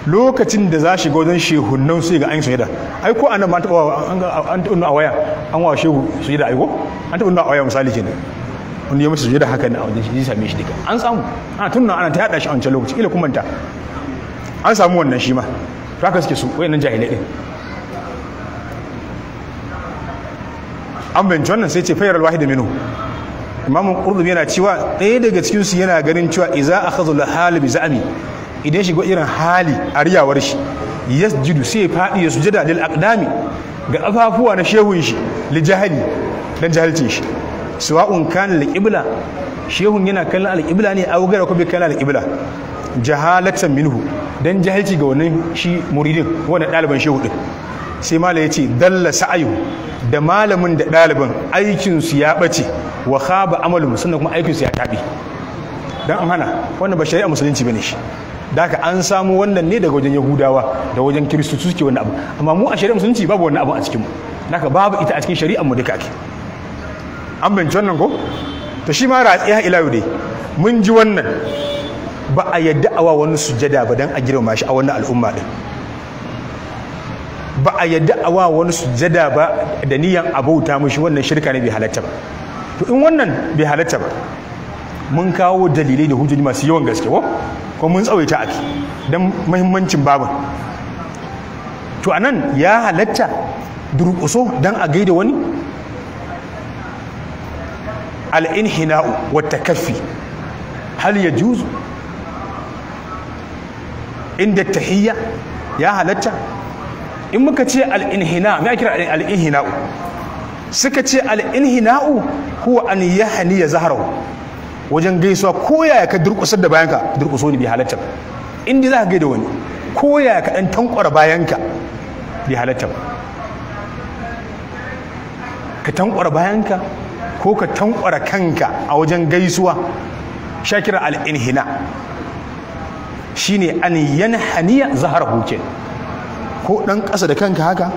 lokacin da za shiga wajen shehunan su ga an su ai ko anan ma an taɓa an taba a waya an wa shehu yi da aiko an taba a waya misali kenan wani ya mutu da haka ne a wajen shi same shi duka an samu ana tunna ana ta yada shi a wancan lokaci ila kuma ta an samu wannan shi ma to haka suke su nan jahilai ɗin an bincin wannan sai ce fayar da minu imamu qurdubi yana cewa ɗaya daga cikin su yana ganin cewa iza akhadhu da hali bi za'mi idan shiga irin hali a riyawar shi yasjudu sai fadi ya sujada lil aqdami ga afafuwa na shehun shi li jahali dan jahilcin shi sawa'un kana al-qibla shehun yana kallon al-qibla ne aw gara ko kanin kallon al-qibla jahalatan minhu dan jahilci ga wannan shi muridin wannan ɗaliban shehu din sai mala yace dalla sa'ayu da malamin da ɗaliban aikinsu ya ɓace wa khaba amalum sannan kuma aikinsu ya taɓe dan an hana wannan ba shari'a musulunci ne shi da an samu wannan ne daga wajen yahudawa da wajen kiristoci suke wannan abu amma mu a shari'a musulunci babu wani abu a cikinmu daga da babu ita a cikin shari'a mu duka ake an binci wannan ko Ta shi ma ratsi ha ila dai mun ji wannan ba a yadda awa wani sujada ba dan a girma shi a wannan al'umma din ba a yadda a wa wani sujada ba da niyan abauta mushi wannan shirka ne bai halatta ba to in wannan bai halatta ba mun kawo dalilai da hujjoji masu yawan gaske ko ko mun tsawaita a ki don mahimmancin babin to anan ya halatta durƙuso don a gaida wani al'inhina'u wata kafi hal ya juzu inda tahiyya ya halatta in muka ce al'inhina, mai me ake suka ce al'inhina huwa an yahni ya zaharahu wajen gaisuwa ko yaya ka durkusar da bayanka durkuso ne bi halatta ba in za ka gaida wani ko yaya ka dan tankwara bayanka bi halatta ba ka tankwara bayanka ko ka tankwara kanka a wajen gaisuwa shakira al'inhina. Shi shine an yanhaniya zaharahu kenan ko ɗan ƙasa da kanka haka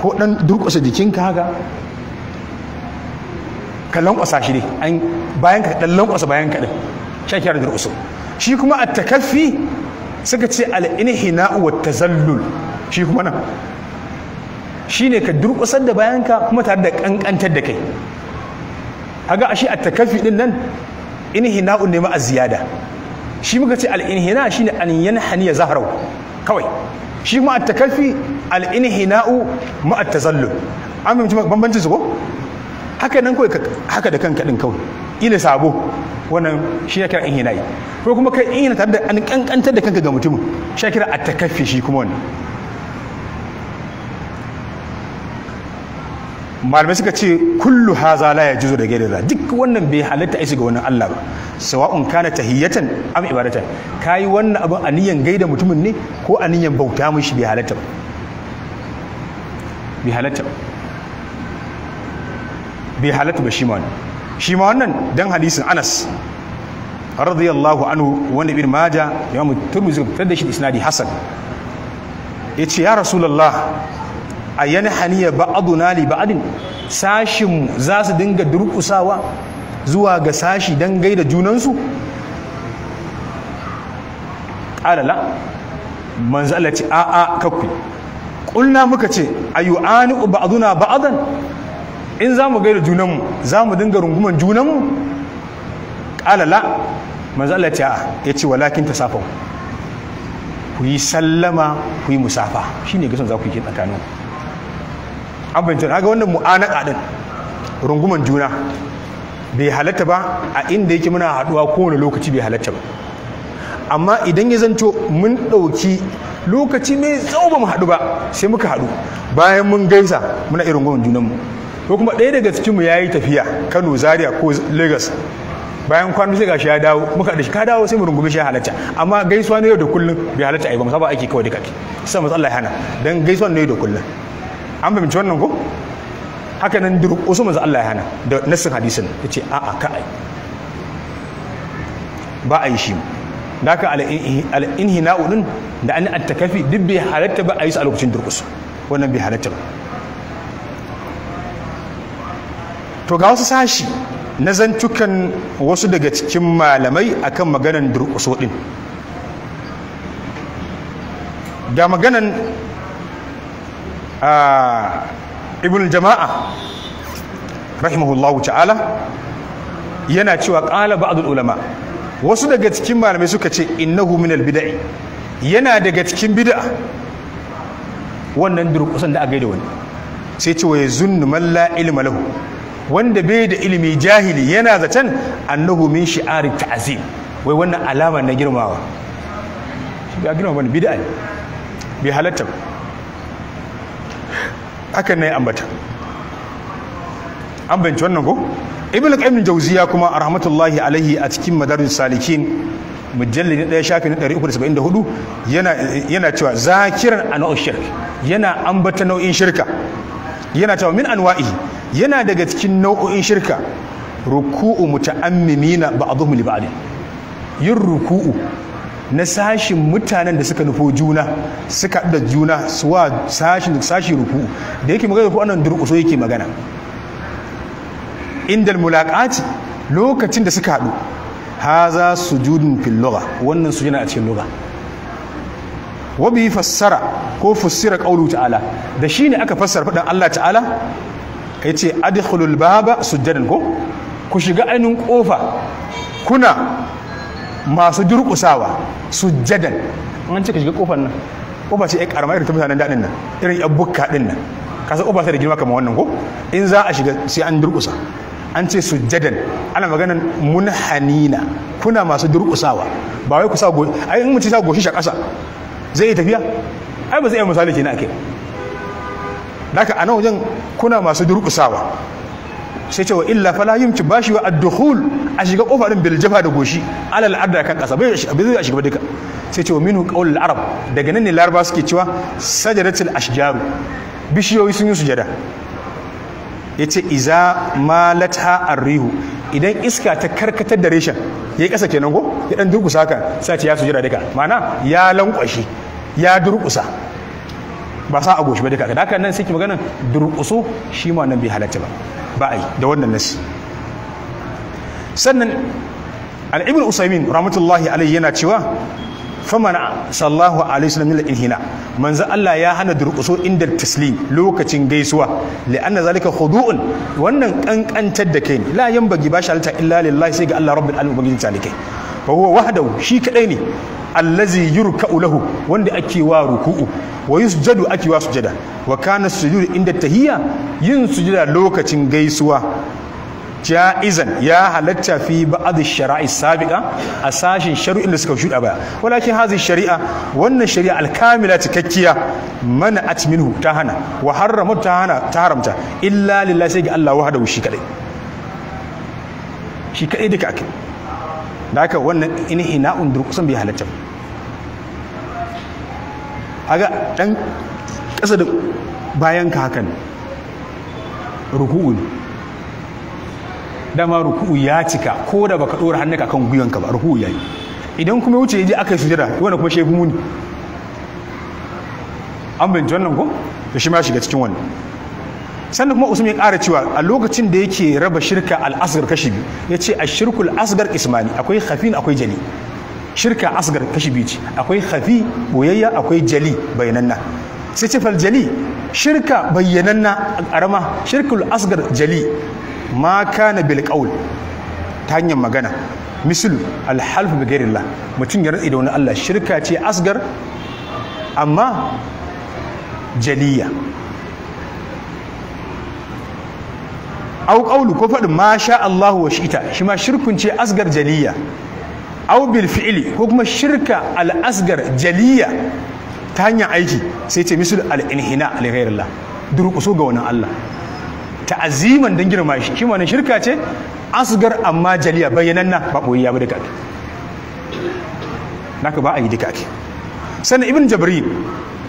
ko ɗan durƙusa jikinka haka ka lankwasa shi ne bayan ka ɗan lankwasa bayan ka ɗin shakiyar durƙusa shi kuma a takaffi suka ce al'inhina wa tazallul shi kuma nan shi ne ka durƙusar da bayanka kuma tare da ƙanƙantar da kai haga shi a takafi ɗin nan inhina'un ne ma'a a ziyada shi muka ce na shi ne an ya zaharau kawai shi kuma at-takalfi al-inhina'u ma at-tazallum an fahimci bambancin su ko haka nan kawai haka da kanka ɗin kawai ila sabo wannan shi ya kira inhina'i ko kuma kai inhina tare da an kankantar da kanka ga mutumin shi ya kira at-takaffi shi kuma wannan malamai suka ce kullu haza la juzo da gaira duk wannan bai halatta ai ga wannan Allah ba sawa'un kana tahiyatan am ibadatan kai wannan abin aniyan gaida mutumin ne ko aniyan bauta mishi bai halatta bai halatta bai halatta ba shi ma shi ma wannan dan hadisin Anas radiyallahu anhu wanda ibn maja imam turmizi fitar da shi isnadi hasan yace ya rasulullah a yanhaniya ba'aduna li adin sashin za su dinga durkusawa zuwa ga sashi don gaida junansu alala manzo Allah ce a'a kakku kulna muka ce ayu'ani ba'aduna ba'adan in za mu gaida junanmu za mu dinga runguman junanmu alala manzo Allah ce a'a yace walakin tasafahu ku yi sallama ku yi musafa shine gasan za ku yi tsakanin abincin fahimci na ga wannan mu'anaka din runguman juna bai halatta ba a inda yake muna haduwa kowane lokaci bai halatta ba amma idan ya zanto mun ɗauki lokaci mai tsawo ba mu haɗu ba sai muka haɗu bayan mun gaisa muna irin gwamnan junanmu ko kuma ɗaya daga cikinmu ya yi tafiya kano zaria ko lagos bayan kwanu sai gashi ya dawo muka da shi ka dawo sai mu rungume shi ya halatta amma gaisuwa ne yau da kullum bai halatta ai ba musamman ake kawai duka sai matsala ya hana don gaisuwa ne yau da kullum an fahimci wannan ko haka nan wasu manzo Allah ya hana da nassin hadisin ce a'a ka ai ba a yi shi da haka al'inhina'u din da an attakafi duk bai halatta ba a yi su a lokacin durƙusu wannan bai halatta ba to ga wasu sashi na zantukan wasu daga cikin malamai akan maganan durƙuso din ga maganan Ah, ibn jama'a rahimahullahu ta'ala yana cewa qala ba'dul ulama wasu daga cikin malamai suka ce innahu minal bida'i? yana daga cikin bid'a wannan kusan da aka yi da wani sai ce wa yazunnu man la ilma lahu wanda bai da ilimi jahili yana zaton annahu min shi'ari ta'zim wai wannan alama na girmawa shi ba girma bane bid'a ne bai halatta hakan ne ambata an bincin wannan ko ibn qayyim jauziya kuma rahmatullahi alaihi a cikin madarijus salikin mujalli na ɗaya shafi na 374 yana yana cewa zakiran anwa'u shirk yana ambata nau'in shirka yana cewa min anwa'i yana daga cikin nau'o'in shirka ruku'u muta'ammimina ba'dhum li ba'd yin ruku'u na sashin mutanen da suka nufo juna suka da juna suwa sashin sashi ruku da yake magana ruku anan durƙuso yake magana indal mulaqati lokacin da suka haɗu haza sujudun fil lugha wannan sujuna a cikin lugha wa bi fassara ko fassira qawlu ta'ala da shine aka fassara fadan Allah ta'ala yace adkhulul baba sujadan ko ku shiga ainihin kofa kuna masu durƙusawa jadan an cika shiga kofar nan kofar ce ya karama irin ta mutanen daɗin nan irin ya bukka ɗin nan ka san sai da girma kamar wannan ko in za a shiga sai an durƙusa an ce su jadan ana maganan mun hanina kuna masu durƙusawa ba wai ku sa goshi ai in mutum sa goshi shi ƙasa zai yi tafiya ai ba zai yi misali kenan akai haka a nan wajen kuna masu durƙusawa sai cewa illa fala yumki bashi wa ad-dukhul a shiga kofa din bil jafa da goshi alal adda kan kasa bai zai shiga duka sai cewa qaul al arab daga nan ne laraba suke cewa sajaratul ashjaru bishiyoyi sun yi sujada yace iza malatha arrihu idan iska ta karkatar da reshen yayi kasa kenan ko ya dan durkusa ka sai ya sujada duka ma'ana ya lankwashi ya durkusa ba sa a goshi ba duka haka nan sai ki magana durkusu shi ma nan bai halatta ba ba a yi da wannan nasi sannan al'ibin usaimin rahmatullahi alaihi yana cewa famana sallahu alaihi wasallam lil inhina manzo Allah ya hana durkuso inda taslim lokacin gaisuwa li zalika khudu'un wannan kankantar da kai la bagi ba shalta illa lillahi sai ga Allah rabbil alamin ubangijin talikai fa huwa wahdahu shi kadai ne allazi yurka'u lahu wanda ake wa ruku'u wa yusjadu ake wa sujada wa kana sujudu inda tahiyya yin sujada lokacin gaisuwa ja'izan ya halatta fi ba'd shara'i sabiqa a sashin shari'in da suka shuda baya walakin hazi shari'a wannan shari'a alkamila cikakkiya mana atminhu ta hana wa harramu ta hana ta haramta illa lillahi sai ga Allah wahdahu shi kadai shi kadai duka akai da haka wannan inhina'un durkusan bai halatta haga ɗan ƙasa da bayan ka hakan ruku'u dama ruku'u ya cika ko da baka ɗora hannunka kan gwiwanka ba ruku'u yi idan kuma wuce ya je aka yi sujada wanda kuma shefu muni an binci wannan ko to shi ma shiga cikin wannan sannan kuma usman ya ƙara cewa a lokacin da yake raba shirka al'asgar kashi biyu ya ce a shirkul asgar ismani akwai hafin akwai jali shirka asgar kashi biyu ce akwai hafi boyayya akwai jali bayananna sai ce fal jali shirka bayyananna a ƙarama shirkul asgar jali ma kana bil qaul ta hanyar magana misul alhalf bi ghairillah mutum ya rantsi da wani Allah shirka ce asgar amma jaliya au ƙaulu ko faɗin ma sha Allahu wa ita shi ma shirkun ce asgar jaliya au bil fi'li ko kuma shirka al asgar jaliya ta hanyar aiki sai ce misul al inhina li ghairillah durƙuso ga wannan Allah ta'aziman dan girma shi shi wannan shirka ce asgar amma jaliya bayyananna ba boyayya ba Na naka ba a yi duka ake sannan ibn jabrin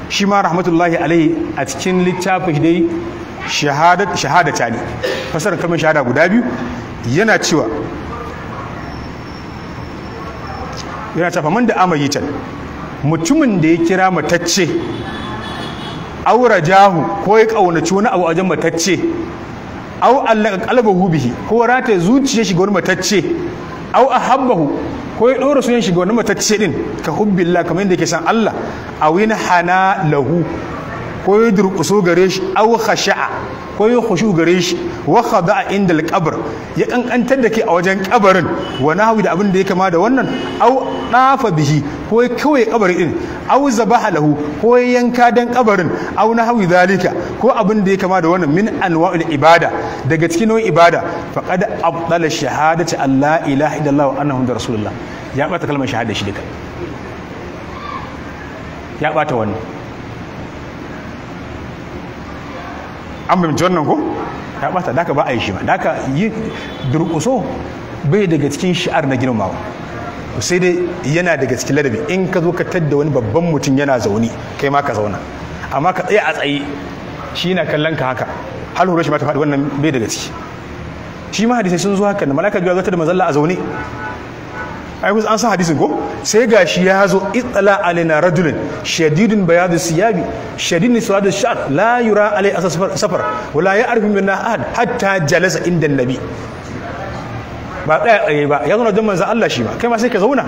shi ma rahmatullahi alaihi a cikin littafin dai Shahada ta ne fasarar kalmar shahada guda biyu yana cewa yana cewa man da amayitan mutumin da ya kira matacce aura jahu ko ya kaunaci wani abu a wajen matacce au allaka qalbahu bihi ko rata zuciya shiga wani matacce au ahabbahu ko ya ɗora sunan shiga wani matacce din ka hubbillah kamar yadda yake san Allah awina hana lahu ko ya durƙuso gare shi aw khasha'a ko ya khushu gare shi wa khada'a inda al-qabr ya kankantar da ke a wajen kabarin wa nahwi da abin da ya kama da wannan aw dafa bihi ko ya kawai kabarin din aw zabaha lahu ko ya yanka dan kabarin aw nahwi zalika ko abin da ya kama da wannan min anwa'il ibada daga cikin nau'in ibada faqad abdala shahadati alla ilaha illallah wa annahu rasulullah ya bata kalmar shahada shi duka ya bata wannan an fahimci wannan ko ya bata da ba a yi shi ba da yi durƙuso bai daga cikin shi'ar na ku sai dai yana daga cikin ladabi in ka zo ka tadda wani babban mutum yana zaune kai ma ka zauna amma ka tsaya a tsaye shi na kallon ka haka har hura shi ma ta faɗi wannan bai daga ciki shi ma hadisai sun zo haka da malaka biyu zata da mazalla a zaune ai an san hadisin ko sai gashi ya zo itsala alina rajulun shadidin bayadu siyabi shadidin sawadu shan la yura alai asasfar safar wala ya arfi minna ahad hatta jalasa inda nabi ba daya tsaye ba ya zauna don manzan Allah shi ba kai ma sai ka zauna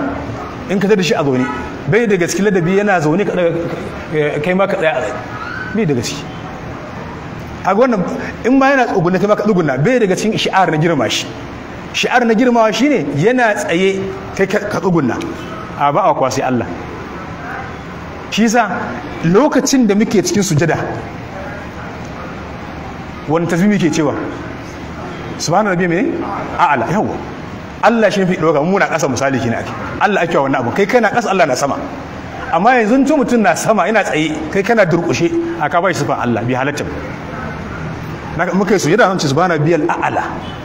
in ka da shi a zaune bai da gaske ladabi yana zaune ka eh, kai ma ka tsaya a tsaye bai da gaske a wannan in ba yana tsoguna kai ma ka tsoguna bai da gaske shi'ar na girma shi shi'ar na girmawa shine yana tsaye kai ka tsugunna a ba a kwasi Allah shi sa lokacin da muke cikin sujada wani tafi muke cewa subhanahu rabbi mai a'ala yawa Allah shi fi doka mu na ƙasa misali kina ake Allah ake wannan abu kai kana ƙasa Allah na sama amma yanzu mutum na sama ina tsaye kai kana durƙushe aka bai sifan Allah bi halatta muka yi su sujada zan su subhana biyal a'ala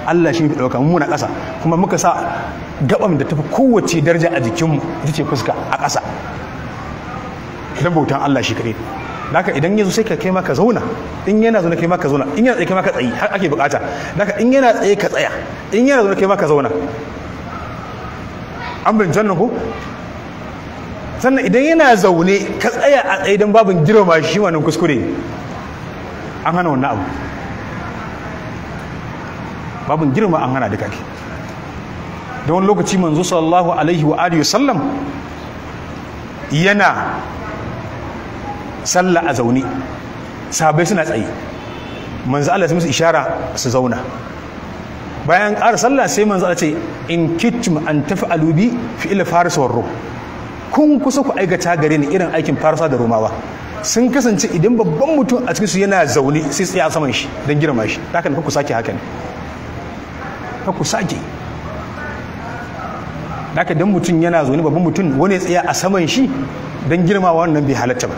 Allah shi fi dauka mu na ƙasa kuma muka sa gaban da tafi kowace daraja a jikinmu ita ce fuska a ƙasa don bautan Allah shi Da haka idan yazo sai ka kai ma ka zauna in yana zauna kai ma ka zauna in yana tsaye kai ma ka tsayi har ake bukata haka in yana tsaye ka tsaya in yana zauna kai ma ka zauna an bin jannan ko sannan idan yana zaune ka tsaya a tsaye don babin girma shi wannan kuskure an hana wannan abu babin girma an hana duka da wani lokaci manzo sallallahu alaihi wa alihi sallam yana sallah a zaune sahabbai suna tsaye manzo Allah ya musu ishara su zauna bayan ƙara salla sai manzo Allah ce in kitchum an taf'alu bi ila faris war kun kusa ku aikata gare ni irin aikin farsa da romawa sun kasance idan babban mutum a cikin su yana zaune sai tsaye a saman shi don girma shi da haka ku sake haka ne ka ku sake daga don mutum yana zaune babban mutum wani tsaya a saman shi don girmawa wannan bai halatta ba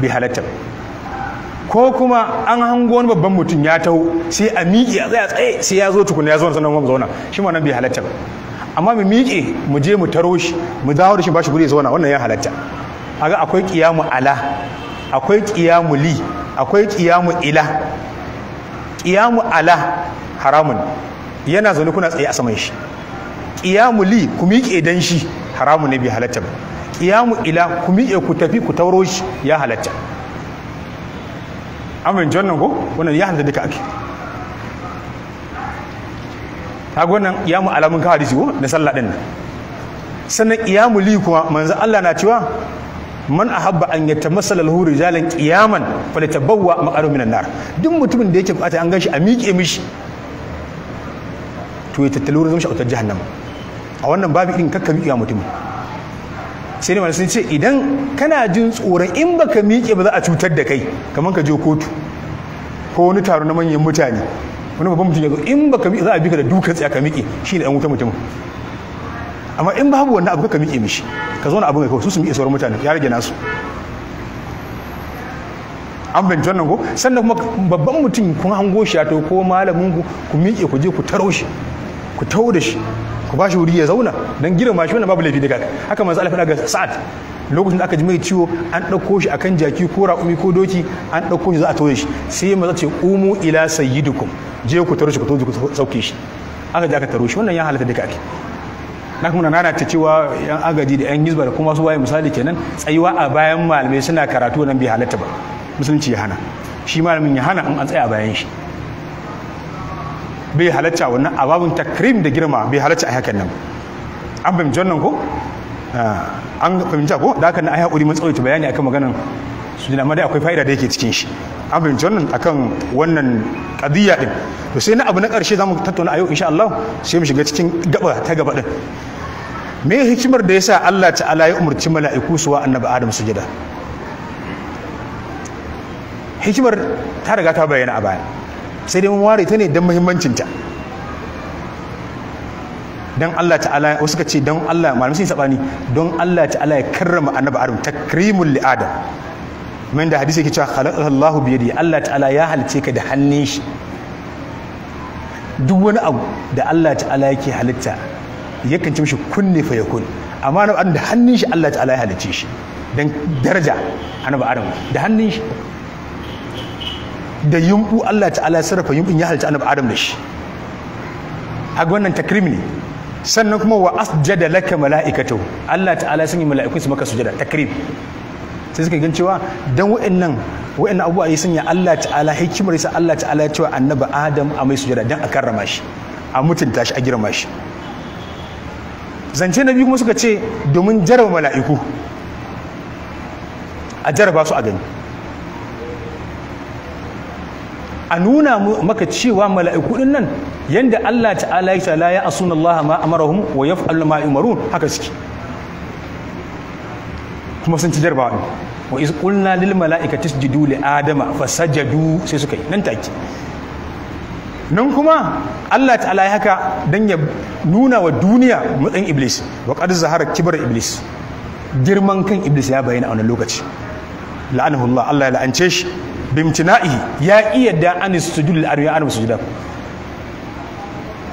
bai halatta ba ko kuma an hango wani babban mutum ya taho sai a miƙe a tsaya tsaye sai ya zo tukuna ya zo sanan mu zauna shi wannan bai halatta ba amma mu miƙe mu je mu taro shi mu dawo da shi ba shi guri zauna wannan ya halatta aga akwai qiyamu ala akwai qiyamu li akwai qiyamu ila ƙiyamu ala haramun yana zaune kuna tsaye a saman shi ƙiyamu li ku miƙe dan shi haramun ne bai halatta ba ƙiyamu ila ku miƙe ku tafi ku tauro shi ya halatta amin jonnan ko wannan ya halatta duka ake ta wannan ƙiyamu ala mun ka hadisi ko na sallah din nan sannan ƙiyamu li kuma manzo Allah na cewa man ahabba an yatamassala lahu rijalan qiyaman falyatabawwa maqaru minan nar duk mutumin da yake bukata an ganshi a miƙe mishi to ya wurin zama shi a wutar jahannama a wannan babu irin kakka miƙe mutum sai ne sun ce idan kana jin tsoron in baka miƙe ba za a cutar da kai kamar ka je kotu ko wani taro na manyan mutane wani babban mutum ya zo in baka miƙe za a bi ka da dukan tsaya ka miƙe shi ne ɗan wuta mutum amma in babu wannan abu kaka miƙe mishi ka zauna abin kawai su su miƙe sauran mutane ya rage nasu an fahimci wannan ko sannan kuma babban mutum kun hango shi to ko malamin ku ku miƙe ku je ku taro shi ku tawo da shi ku ba shi wuri ya zauna don girma shi wannan babu laifi daga haka manzo Allah faɗa Sa'ad lokacin da aka ji mai ciwo an ɗauko shi akan jaki ko raƙumi ko doki an ɗauko shi za a tauye shi sai maza ce umu ila sayyidukum je ku taro shi ku tauye ku sauke shi aka je aka taro shi wannan ya halatta duka ake na kuma na ta cewa yan agaji da yan gizba da kuma su waye misali kenan tsayuwa a bayan malamai suna karatu nan bai halatta ba musulunci ya hana shi malamin ya hana in an tsaya a bayan shi bai halatta wannan ababun takrim da girma bai halatta a hakan nan an fahimci wannan ko ah, an fahimci ko da haka na ayi hakuri mun tsawaita bayani akan maganar sujud amma dai akwai fa'ida da yake cikin shi an fahimci wannan akan wannan qadiyya din to sai na abu na karshe zamu tattauna a yau insha Allah sai mu shiga cikin gaba ta gaba din me hikimar da yasa Allah ta'ala ya umurci mala'iku su wa annabi Adam sujada hikimar ta riga ta bayyana a baya sai dai mun ware ta ne don muhimmancin ta don Allah ta'ala wasu ka ce don Allah malamin sun sabani don Allah ta'ala ya karrama annabi Adam takrimul li Adam min da hadisi yake cewa khalaqallahu bi yadi Allah ta'ala ya halice ka da hannun shi duk wani abu da Allah ta'ala yake halitta yakan ci mishi kunne fa kun amma na da hannun shi Allah ta'ala ya halice shi dan daraja annabi adam da hannun shi da yumbu Allah ta'ala sarrafa yumbun ya halitta annabi adam da shi haga wannan takrimi ne sannan kuma wa as jada laka mala'ikatu Allah ta'ala sun yi mala'ikun su maka sujada takrim sai suka gan cewa dan wa'annan wa'annan abubuwa ya sanya Allah ta'ala hikimar sa Allah ta'ala ya cewa annabi Adam a mai sujada dan a karrama shi a mutunta shi a girma shi zance na biyu kuma suka ce domin jaraba mala'iku a jaraba su a gani a nuna maka cewa mala'iku din nan yanda Allah ta'ala ya ta'ala ya asuna Allah ma amarahum wa yaf'alu ma yumarun haka suke kuma sun ci jarba ne wa iz qulna lil mala'ikati isjudu li adama fasajadu sai suka yi nan take nan kuma Allah ta'ala ya haka dan ya nuna wa duniya matsayin iblis wa qad zahara kibar iblis girman kan iblis ya bayyana a wannan lokaci la'anahu Allah Allah ya la'ance shi bimtina'ihi ya iya da an sujudul arya an sujuda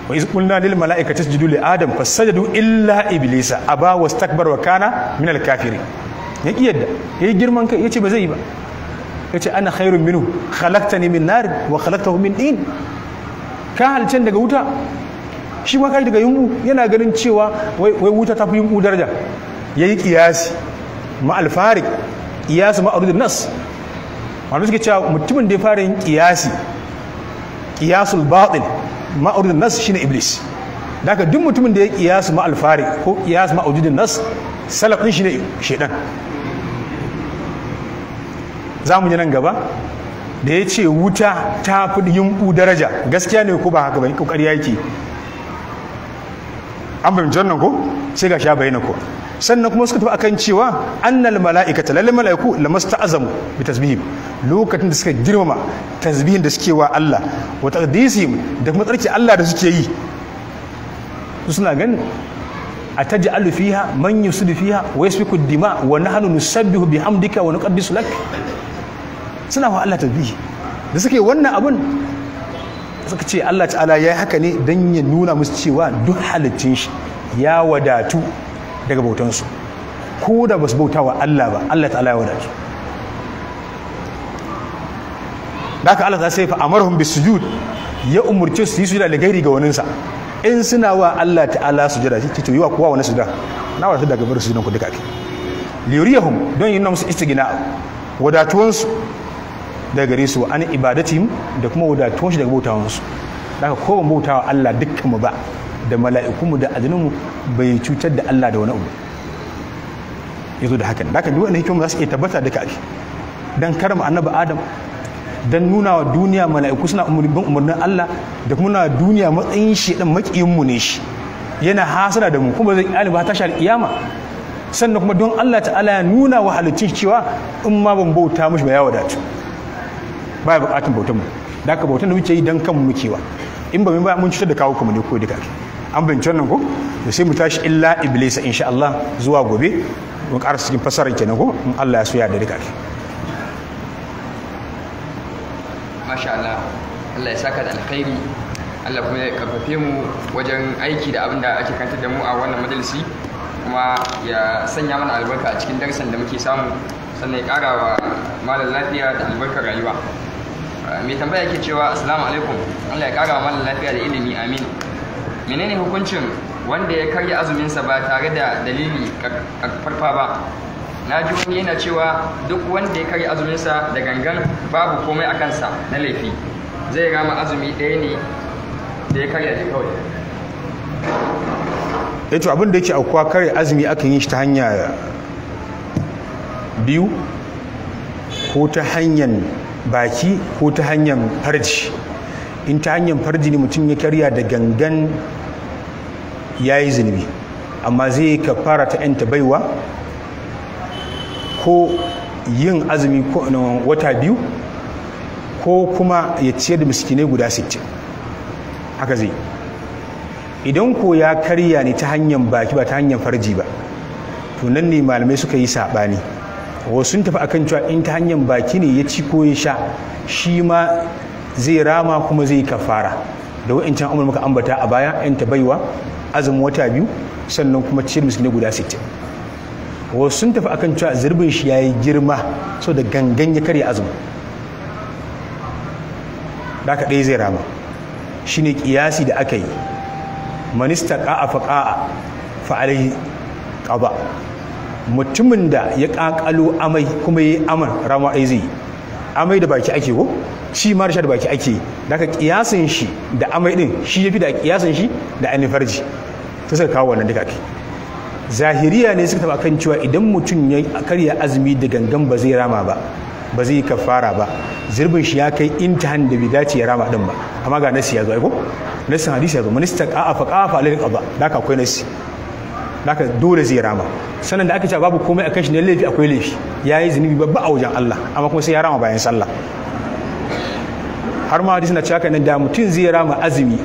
wa iz qulna lil mala'ikati isjudu li adam fasajadu illa iblisa aba wastakbara wa kana min al kafirin ya ƙi yadda ya yi girman kai ya ce ba zai yi ba ya ce ana khairun minu halakta ne min nari wa halakta min ɗin ka halcen daga wuta shi ma kai daga yunwu yana ganin cewa wai wuta ta fi yunwu daraja ya yi ƙiyasi ma alfari ƙiyasi ma arudin nas wanda suke cewa mutumin da ya fara yin ƙiyasi ƙiyasul batil ma arudin nas shine iblis daga duk mutumin da ya kiyasu ma ko kiyasu ma nas salafin shi ne shedan za mu yi nan gaba da ya ce wuta ta fi ku daraja gaskiya ne ko ba haka ba kokari yake an fahimci wannan ko sai ga sha bayyana ko sannan kuma suka tafi akan cewa annal mala'ikata lalle mala'iku lamasta'azamu bi tasbihim lokacin da suka girmama tasbihin da suke wa Allah wa taqdisihim da kuma tsarki Allah da suke yi su suna ganin a taji alufiha man yusudu fiha wa ku dima wa bi hamdika bihamdika wa su lak suna wa Allah bi da suke wannan abun suka ce Allah ta'ala ya yi haka ne don ya nuna musu cewa duk halittun shi ya wadatu daga bautansu ko da ba su bauta wa Allah ba Allah ta'ala ya wadatu da haka Allah ta sai fa amarhum bisujud ya umurce su yi sujuda da gairi ga waninsa in suna wa Allah ta'ala jira. shi cikin yiwa kowa wani sudan na wata daga bar sujudan ku duka kake liyuriyahum don yi musu gina wadatuwansu daga gare su an ibadatim da kuma wadatuwansu daga bautawansu Da ka kowa bautawa Allah dukkan mu ba da mala'ikunmu da adinmu bai cutar da Allah da wani abu zo da hakan daga duk wani hikima za su iya tabbata duka ake dan karma annabi Adam don nuna wa duniya mala'iku suna umarnin umarnin Allah da kuma nuna duniya matsayin shi dan makiyin mu ne shi yana hasana da mu kuma zai ba ta shar kiyama sannan kuma don Allah ta'ala ya nuna wa halittun cewa in ma ban bauta mushi ba ya wadatu ba ya bukatun bautan mu da aka bautan da muke yi dan kanmu muke wa in ba ba mun cutar da kawo kuma ne ko duka an bincin nan ko to sai mu tashi illa iblisa insha Allah zuwa gobe mu karasa cikin fasarar kenan ko in Allah ya so ya da duka masha Allah Allah ya saka da alkhairi Allah kuma ya karfafe mu wajen aiki da abin da ake kantar da mu a wannan majalisi kuma ya sanya mana albarka a cikin darasin da muke samu sannan ya ƙara wa malam lafiya da albarkar rayuwa mai tambaya yake cewa assalamu alaikum Allah ya kara wa malam lafiya da ilimi amin menene hukuncin wanda ya karya azumin sa ba tare da dalili karfafa ba na ji wani yana cewa duk wanda ya karya azuminsa da gangan babu komai a kansa na laifi zai rama azumi ɗaya ne da ya karya shi kawai ya eh to abin da yake aukuwa karya azumi akan yi shi ta hanya biyu ko ta hanyar baki ko ta hanyar farji in ta hanyar farji ne mutum ya karya da gangan ya yi zunubi amma zai kafara ta 'yanta baiwa ko yin azumi wata biyu ko kuma ya ciyar da miskinai guda 60 haka zai idan ko ya karya ne ta hanyar baki ba ta hanyar farji ba to nan ne malamai suka yi saɓani wasu tafi akan cewa in ta hanyar baki ne ya ci ko ya sha shi ma zai rama kuma zai kafara da wa'ancan amur ambata a baya yan baiwa azumin wata biyu sannan kuma ciyar miskinai guda 60 wasu sun tafi akan cewa zurbin shi ya yi girma so da gangan ya karya azumi da ka ɗaya zai rama shi ne ƙiyasi da aka yi minista ƙa'a fa ƙa'a fa'alai ƙaba mutumin da ya ƙaƙalo amai kuma ya yi aman rama ɗaya zai amai da baki ake ko shi ma da baki ake da ka ƙiyasin shi da amai ɗin shi ya fi da ƙiyasin shi da ainihin farji ta sai kawo wannan duka ake zahiriya ne suka taba kan cewa idan mutum ya karya azumi da gangan ba zai rama ba ba zai kafara ba zirbin shi ya kai intahan da bai dace ya rama din ba amma ga nasi ya zo ko nasi hadisi ya zo minista ka afa ka afa Da qada haka akwai nasi haka dole zai rama sanan da aka ce babu komai akan shi ne laifi akwai laifi yayi zunubi babba a wajen Allah amma kuma sai ya rama bayan sallah har ma hadisi na cewa nan da mutum zai rama azumi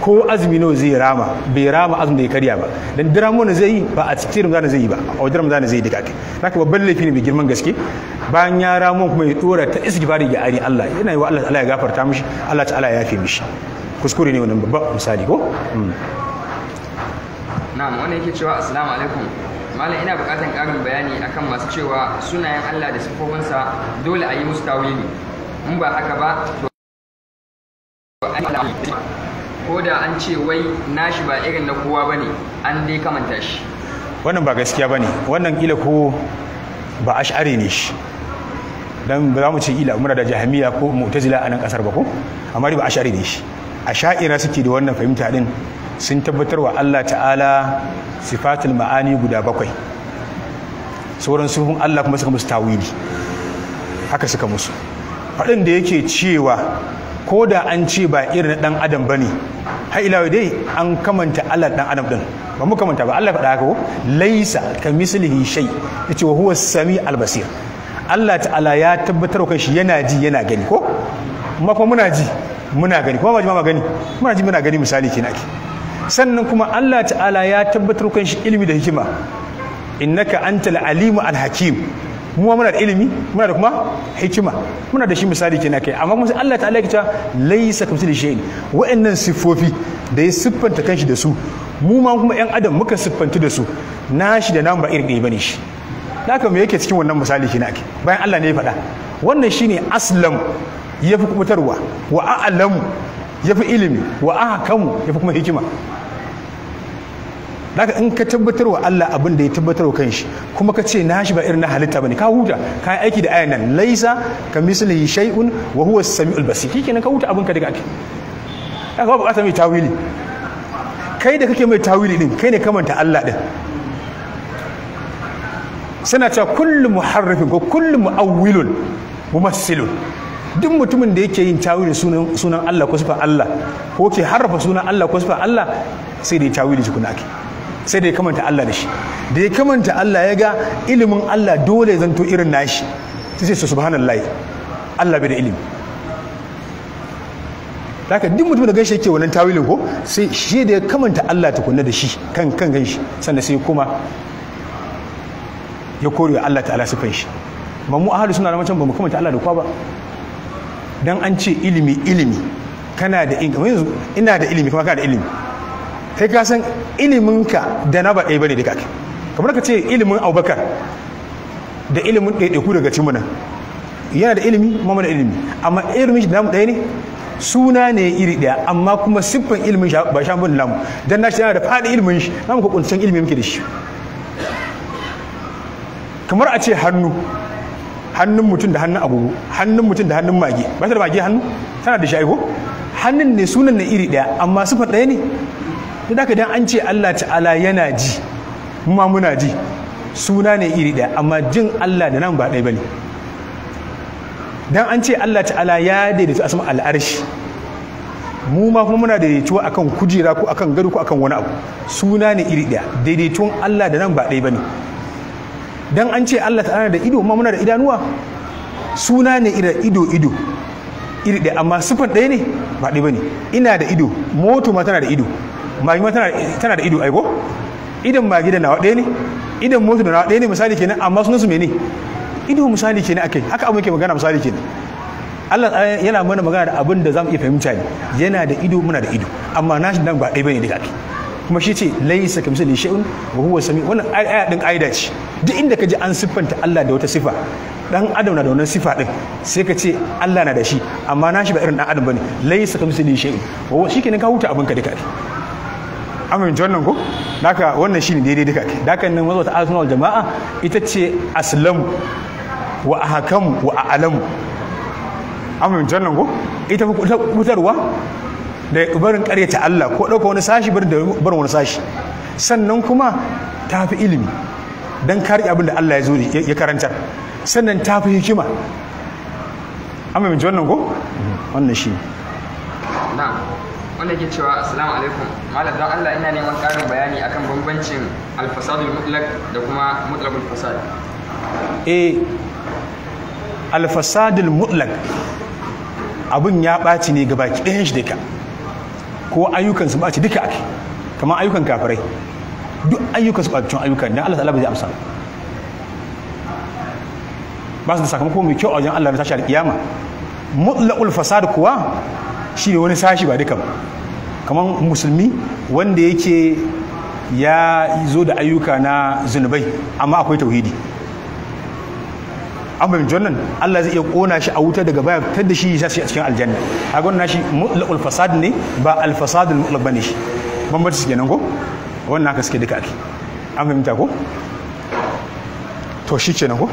ko azumi nawa zai rama bai rama azumi da ya karya ba dan diramo ne zai yi ba a cikin ramadana zai yi ba a wajen ramadana zai yi duka kai naka babban laifi ne mai girman gaske bayan ya ramo kuma ya tsora ta isgibari ga ari Allah yana yi wa Allah Allah ya gafarta mishi Allah ta Allah ya yafe mishi kuskure ne wannan babban misali ko hmm. na'am wannan yake cewa assalamu alaikum malam ina bukatan karin bayani akan masu cewa sunayen Allah da sifofinsa dole a yi musu tawili in ba haka ba ko da an ce wai nashi ba irin na kowa ba ne an dai kamanta shi wannan ba gaskiya bane wannan kila ko ba ash'ari ne shi ba za mu ce ila muna da jahamiya ko mu'tazila a nan kasar ba ko amma ba ash'ari ne shi a sha'ira suke da wannan fahimta din sun tabbatar wa Allah ta'ala sifatul ma'ani guda bakwai sauran sufin Allah kuma suka musu tawili haka suka musu faɗin da yake cewa ko da an ce ba irin dan adam bane har ila dai an kamanta Allah dan adam din ba mu kamanta ba Allah faɗa haka ko laisa kamislihi shay yace wa huwa sami albasir Allah ta'ala ya tabbatar kan shi yana ji yana gani ko kuma fa muna ji muna gani kuma ba ma gani muna ji muna gani misali kenan ake sannan kuma Allah ta'ala ya tabbatar kan shi ilmi da hikima innaka antal alimu al hakim mu muna da ilimi muna da kuma hikima muna da shi misali na kai amma kuma sai Allah ta'ala ya ce laysa da shay'in wa'annan siffofi da ya siffanta kanshi da su mu ma kuma yan adam muka siffanta da su nashi da namu ba irin ɗaya bane shi haka me yake cikin wannan misali na kai bayan Allah ne ya faɗa wannan shine aslam yafi kubutarwa wa a'lamu yafi ilimi wa ahkamu yafi kuma hikima daga in ka tabbatar wa Allah abin da ya tabbatar wa kanshi kuma ka ce na shi ba irin na halitta bane ka huta ka yi aiki da ayan nan laisa ka mislihi shay'un wa huwa as-sami'ul basir kikenan ka huta abin ka daga ake ka ba bukatar mai tawili kai da kake mai tawili din kai ne ka manta Allah din sana cewa kullu muharrifin ko kullu mu'awwilun mumassilun duk mutumin da yake yin tawili sunan Allah ko sifan Allah ko ke harrafa sunan Allah ko sifan Allah sai da ya tawili shi kuna ake sai da ya kamanta Allah da shi da ya kamanta Allah ya ga ilimin Allah dole zanto irin nashi sai sai layi Allah bai da ilimi haka duk mutum da ganshi yake wannan tawilin ko sai shi da ya kamanta Allah ta kunna da shi kan kan ganshi sannan sai kuma ya kore Allah ta'ala sifan shi ba mu ahalu suna ramacin ba mu kamanta Allah da kwa ba dan an ce ilimi ilimi kana da ina da ilimi kuma kana da ilimi kai ka san iliminka da na ba ɗaya bane da kake kamar ka ce ilimin abubakar da ilimin ɗaiɗaiku daga cin nan yana da ilimi mama mana ilimi amma ilimin shi da namu ɗaya ne suna ne iri ɗaya amma kuma siffan ilimin shi ba shan bin namu na nashi yana da faɗi ilimin shi namu ko kuntun ilimin muke da shi kamar a ce hannu hannun mutum da hannun agogo hannun mutum da hannun mage ba ta da mage hannu tana da shi aiko hannun ne sunan na iri ɗaya amma siffar ɗaya ne to da dan an ce Allah ta'ala yana ji ma muna ji suna ne iri ɗaya amma jin Allah da nan ba ɗaya ne dan an ce Allah ta'ala ya daidaitu asma al'arshi mu ma kuma muna daidaituwa akan kujera ko akan gado ko akan wani abu suna ne iri ɗaya daidaituwan Allah da nan ba ɗaya ne dan an ce Allah ta'ala da ido ma muna da idanuwa suna ne iri ido ido iri ɗaya amma sifan ɗaya ne ba ɗaya ne ina da ido moto ma tana da ido magi ma tana da ido aiko idan magi da nawa ɗaya ne idan motu da nawa ɗaya ne misali kenan amma sunansu mene ido misali kenan akai haka abin ke magana misali kenan Allah yana mana magana da abin da zamu iya fahimta ne yana da ido muna da ido amma nashi dan ba ɗaya bane duka kai kuma shi ce laisa kamithlihi shay'un wa huwa sami wannan aya din aida ce duk inda ka ji an siffanta Allah da wata sifa dan adam na da wannan sifa din sai ka ce Allah na da shi amma nashi ba irin dan adam bane laisa kamithlihi shay'un wa shi kenan ka huta abin ka duka kai amince wannan ko daka wannan shine daidai duka dakan nan ta ahlus jama'a ita ce aslam wa ahkamu wa a'lamu amince wannan ko ita fa kutarwa da barin karyata Allah ko dauka wani sashi barin barin wani sashi sannan kuma ta fi ilimi dan kare abin da Allah ya zo ya karantar sannan ta fi hikima amince wannan ko wannan shi na'am wanda ke cewa assalamu alaikum malam don Allah ina neman ƙarin bayani akan bambancin alfasadu mutlak da kuma mutlak alfasad eh alfasadul mutlak abun ya ɓaci ne ki ɗayan shi duka ko ayyukan su ɓaci duka ake kamar ayyukan kafirai duk ayyukan su ɓacin ayyukan don Allah ta'ala bai amsa ba su da sakamako mai kyau a wajen Allah na tashi alƙiyama mutlaqul fasad kuwa shi wani sashi ba duka ba kamar musulmi wanda yake ya zo da ayyuka na zunubai amma akwai tauhidi an fahimci wannan Allah zai iya kona shi a wuta daga baya tadda da shi ya shi a cikin aljanna a gwanin shi mutlaqul fasad ne ba al fasadul ba ne shi bambanci su nan ko wannan haka suke duka ake an fahimta ko to shi kenan ko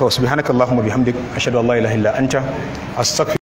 to subhanakallahumma bihamdik ashhadu an la ilaha illa anta astaghfiruka